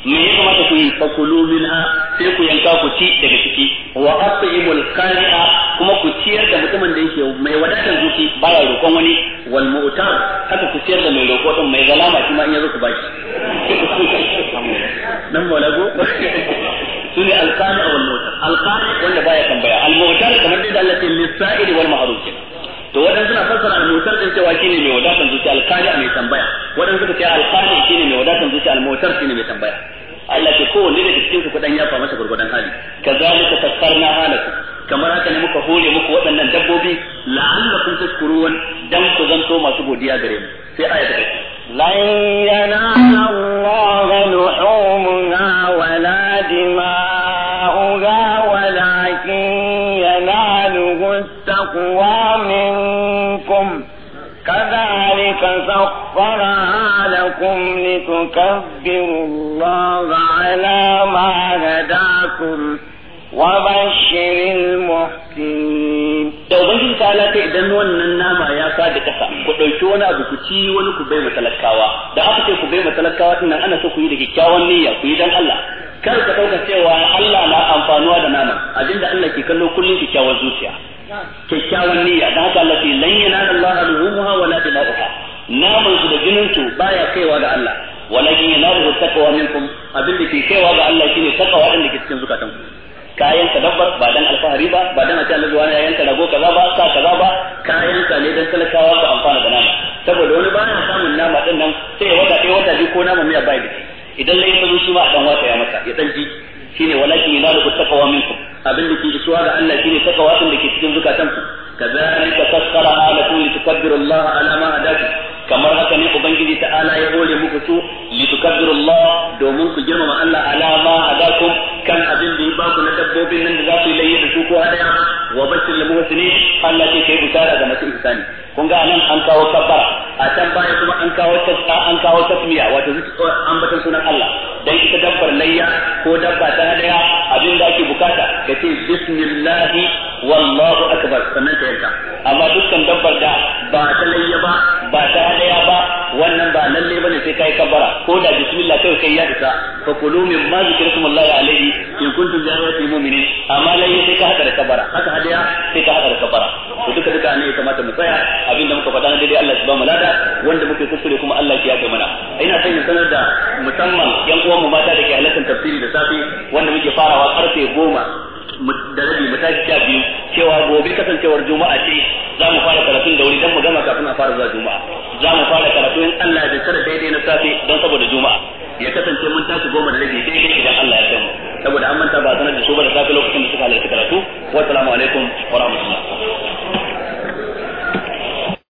me ya kamata ku yi fa kulu minha sai ku yanka ku ci daga ciki wa at'imul qani'a kuma ku ciyar da mutumin da yake mai wadatar zuci baya roƙon wani wal mu'tar haka ku ciyar da mai roƙo mai zalama shi ma in yazo ku baki dan <laughs> <laughs> su ne alqani wal mutar alqani wanda baya tambaya al mutar kamar da Allah ce lissa'iri wal mahruf to wadan suna fassara al mutar din cewa shine mai wadatan zuci alqani mai tambaya wadan suka ce alqani shine mai wadatan zuci al mutar shine mai tambaya Allah ce wanda daga cikin su kudan yafa masa gurgudan hali kazalika sakkarna halakum kamar haka ne muka hore muku waɗannan dabbobi la'allakum tashkurun dan ku zanto masu godiya gare mu في آية لن ينال الله لحومها ولا دماؤها ولكن يناله التقوى منكم كذلك سخرها لكم لتكبروا الله على ما هداكم وبشر المحسنين da ubangiji ta ala idan wannan nama ya sa kasa ku ɗauki wani abu ku ci wani ku bai matalakawa da aka ce ku bai matalakawa din nan ana so ku yi da kyakkyawan niyya ku yi dan Allah kar ka ɗauka cewa Allah na amfanuwa da nama abinda Allah ke kallo kullum kyakkyawan zuciya kyakkyawan niyya da haka Allah ce lan yanala Allah al wala dima'uha naman su da jinin su baya kaiwa ga Allah walakin yanaluhu taqwa minkum abinda ke kaiwa ga Allah shine taqwa din da ke cikin zukatanku kayan ka dabbar ba dan alfahari ba ba dan a ce annabi wani ya rago kaza ba sa kaza ba kayan ka ne dan talakawa ba amfana da nama saboda wani ya samun nama din nan sai wata ɗaya wata biyu ko nama miya bai da idan lai ta zo shi ma dan wata ya masa ya dan ji shine walakin yunalu takawa minkum abin da ke isuwa ga Allah shine takawa din da ke cikin zukatan ku kazalika sakkaraha lakum litukabbiru Allah ala ma hadakum kamar haka ne ubangiji ta'ala ya hore muku su litukabbiru domin ku girmama Allah alama ma hadakum kan abin da ya ba ku na dabbobin nan da za ku yi layyi da su ko hadaya wa bashir lil muhsinin Allah ce kai bisara ga masu ihsani kun ga nan an kawo kabbara a can baya kuma an kawo tasbiya an kawo tasmiya wato zuci ambatan sunan Allah dan ita dabbar layya ko dabba ta daya abin da ake bukata ka ce bismillahi wallahu akbar sannan ta yanka amma dukkan dabbar da ba ta layya ba ba ta daya ba wannan ba lalle bane sai kai kabbara ko da bismillah kai kai ya isa fa kulu min ma zikrullahi alaihi in kuntum jarati mu'minin amma layya sai ka hada da kabbara haka hadiya sai ka hada da kabbara to duka duka ne kamata mu tsaya abin da muka faɗa na daidai Allah shi ba mu lada wanda muke kuskure kuma Allah shi ya kai mana ina son in sanar da musamman yan uwan mu mata da ke halartar tafsiri da safe wanda muke farawa karfe goma da rabi mu tashi sha biyu cewa gobe kasancewar juma'a ce za mu fara karatun da wuri dan mu gama kafin a fara zuwa juma'a za mu fara karatu in Allah da tsara daidai na safe don saboda juma'a ya kasance mun tashi goma da rabi daidai idan Allah ya kai mu saboda an manta ba sanar da su ba da safe lokacin da suka halarci karatu wa salamu alaikum wa rahmatullah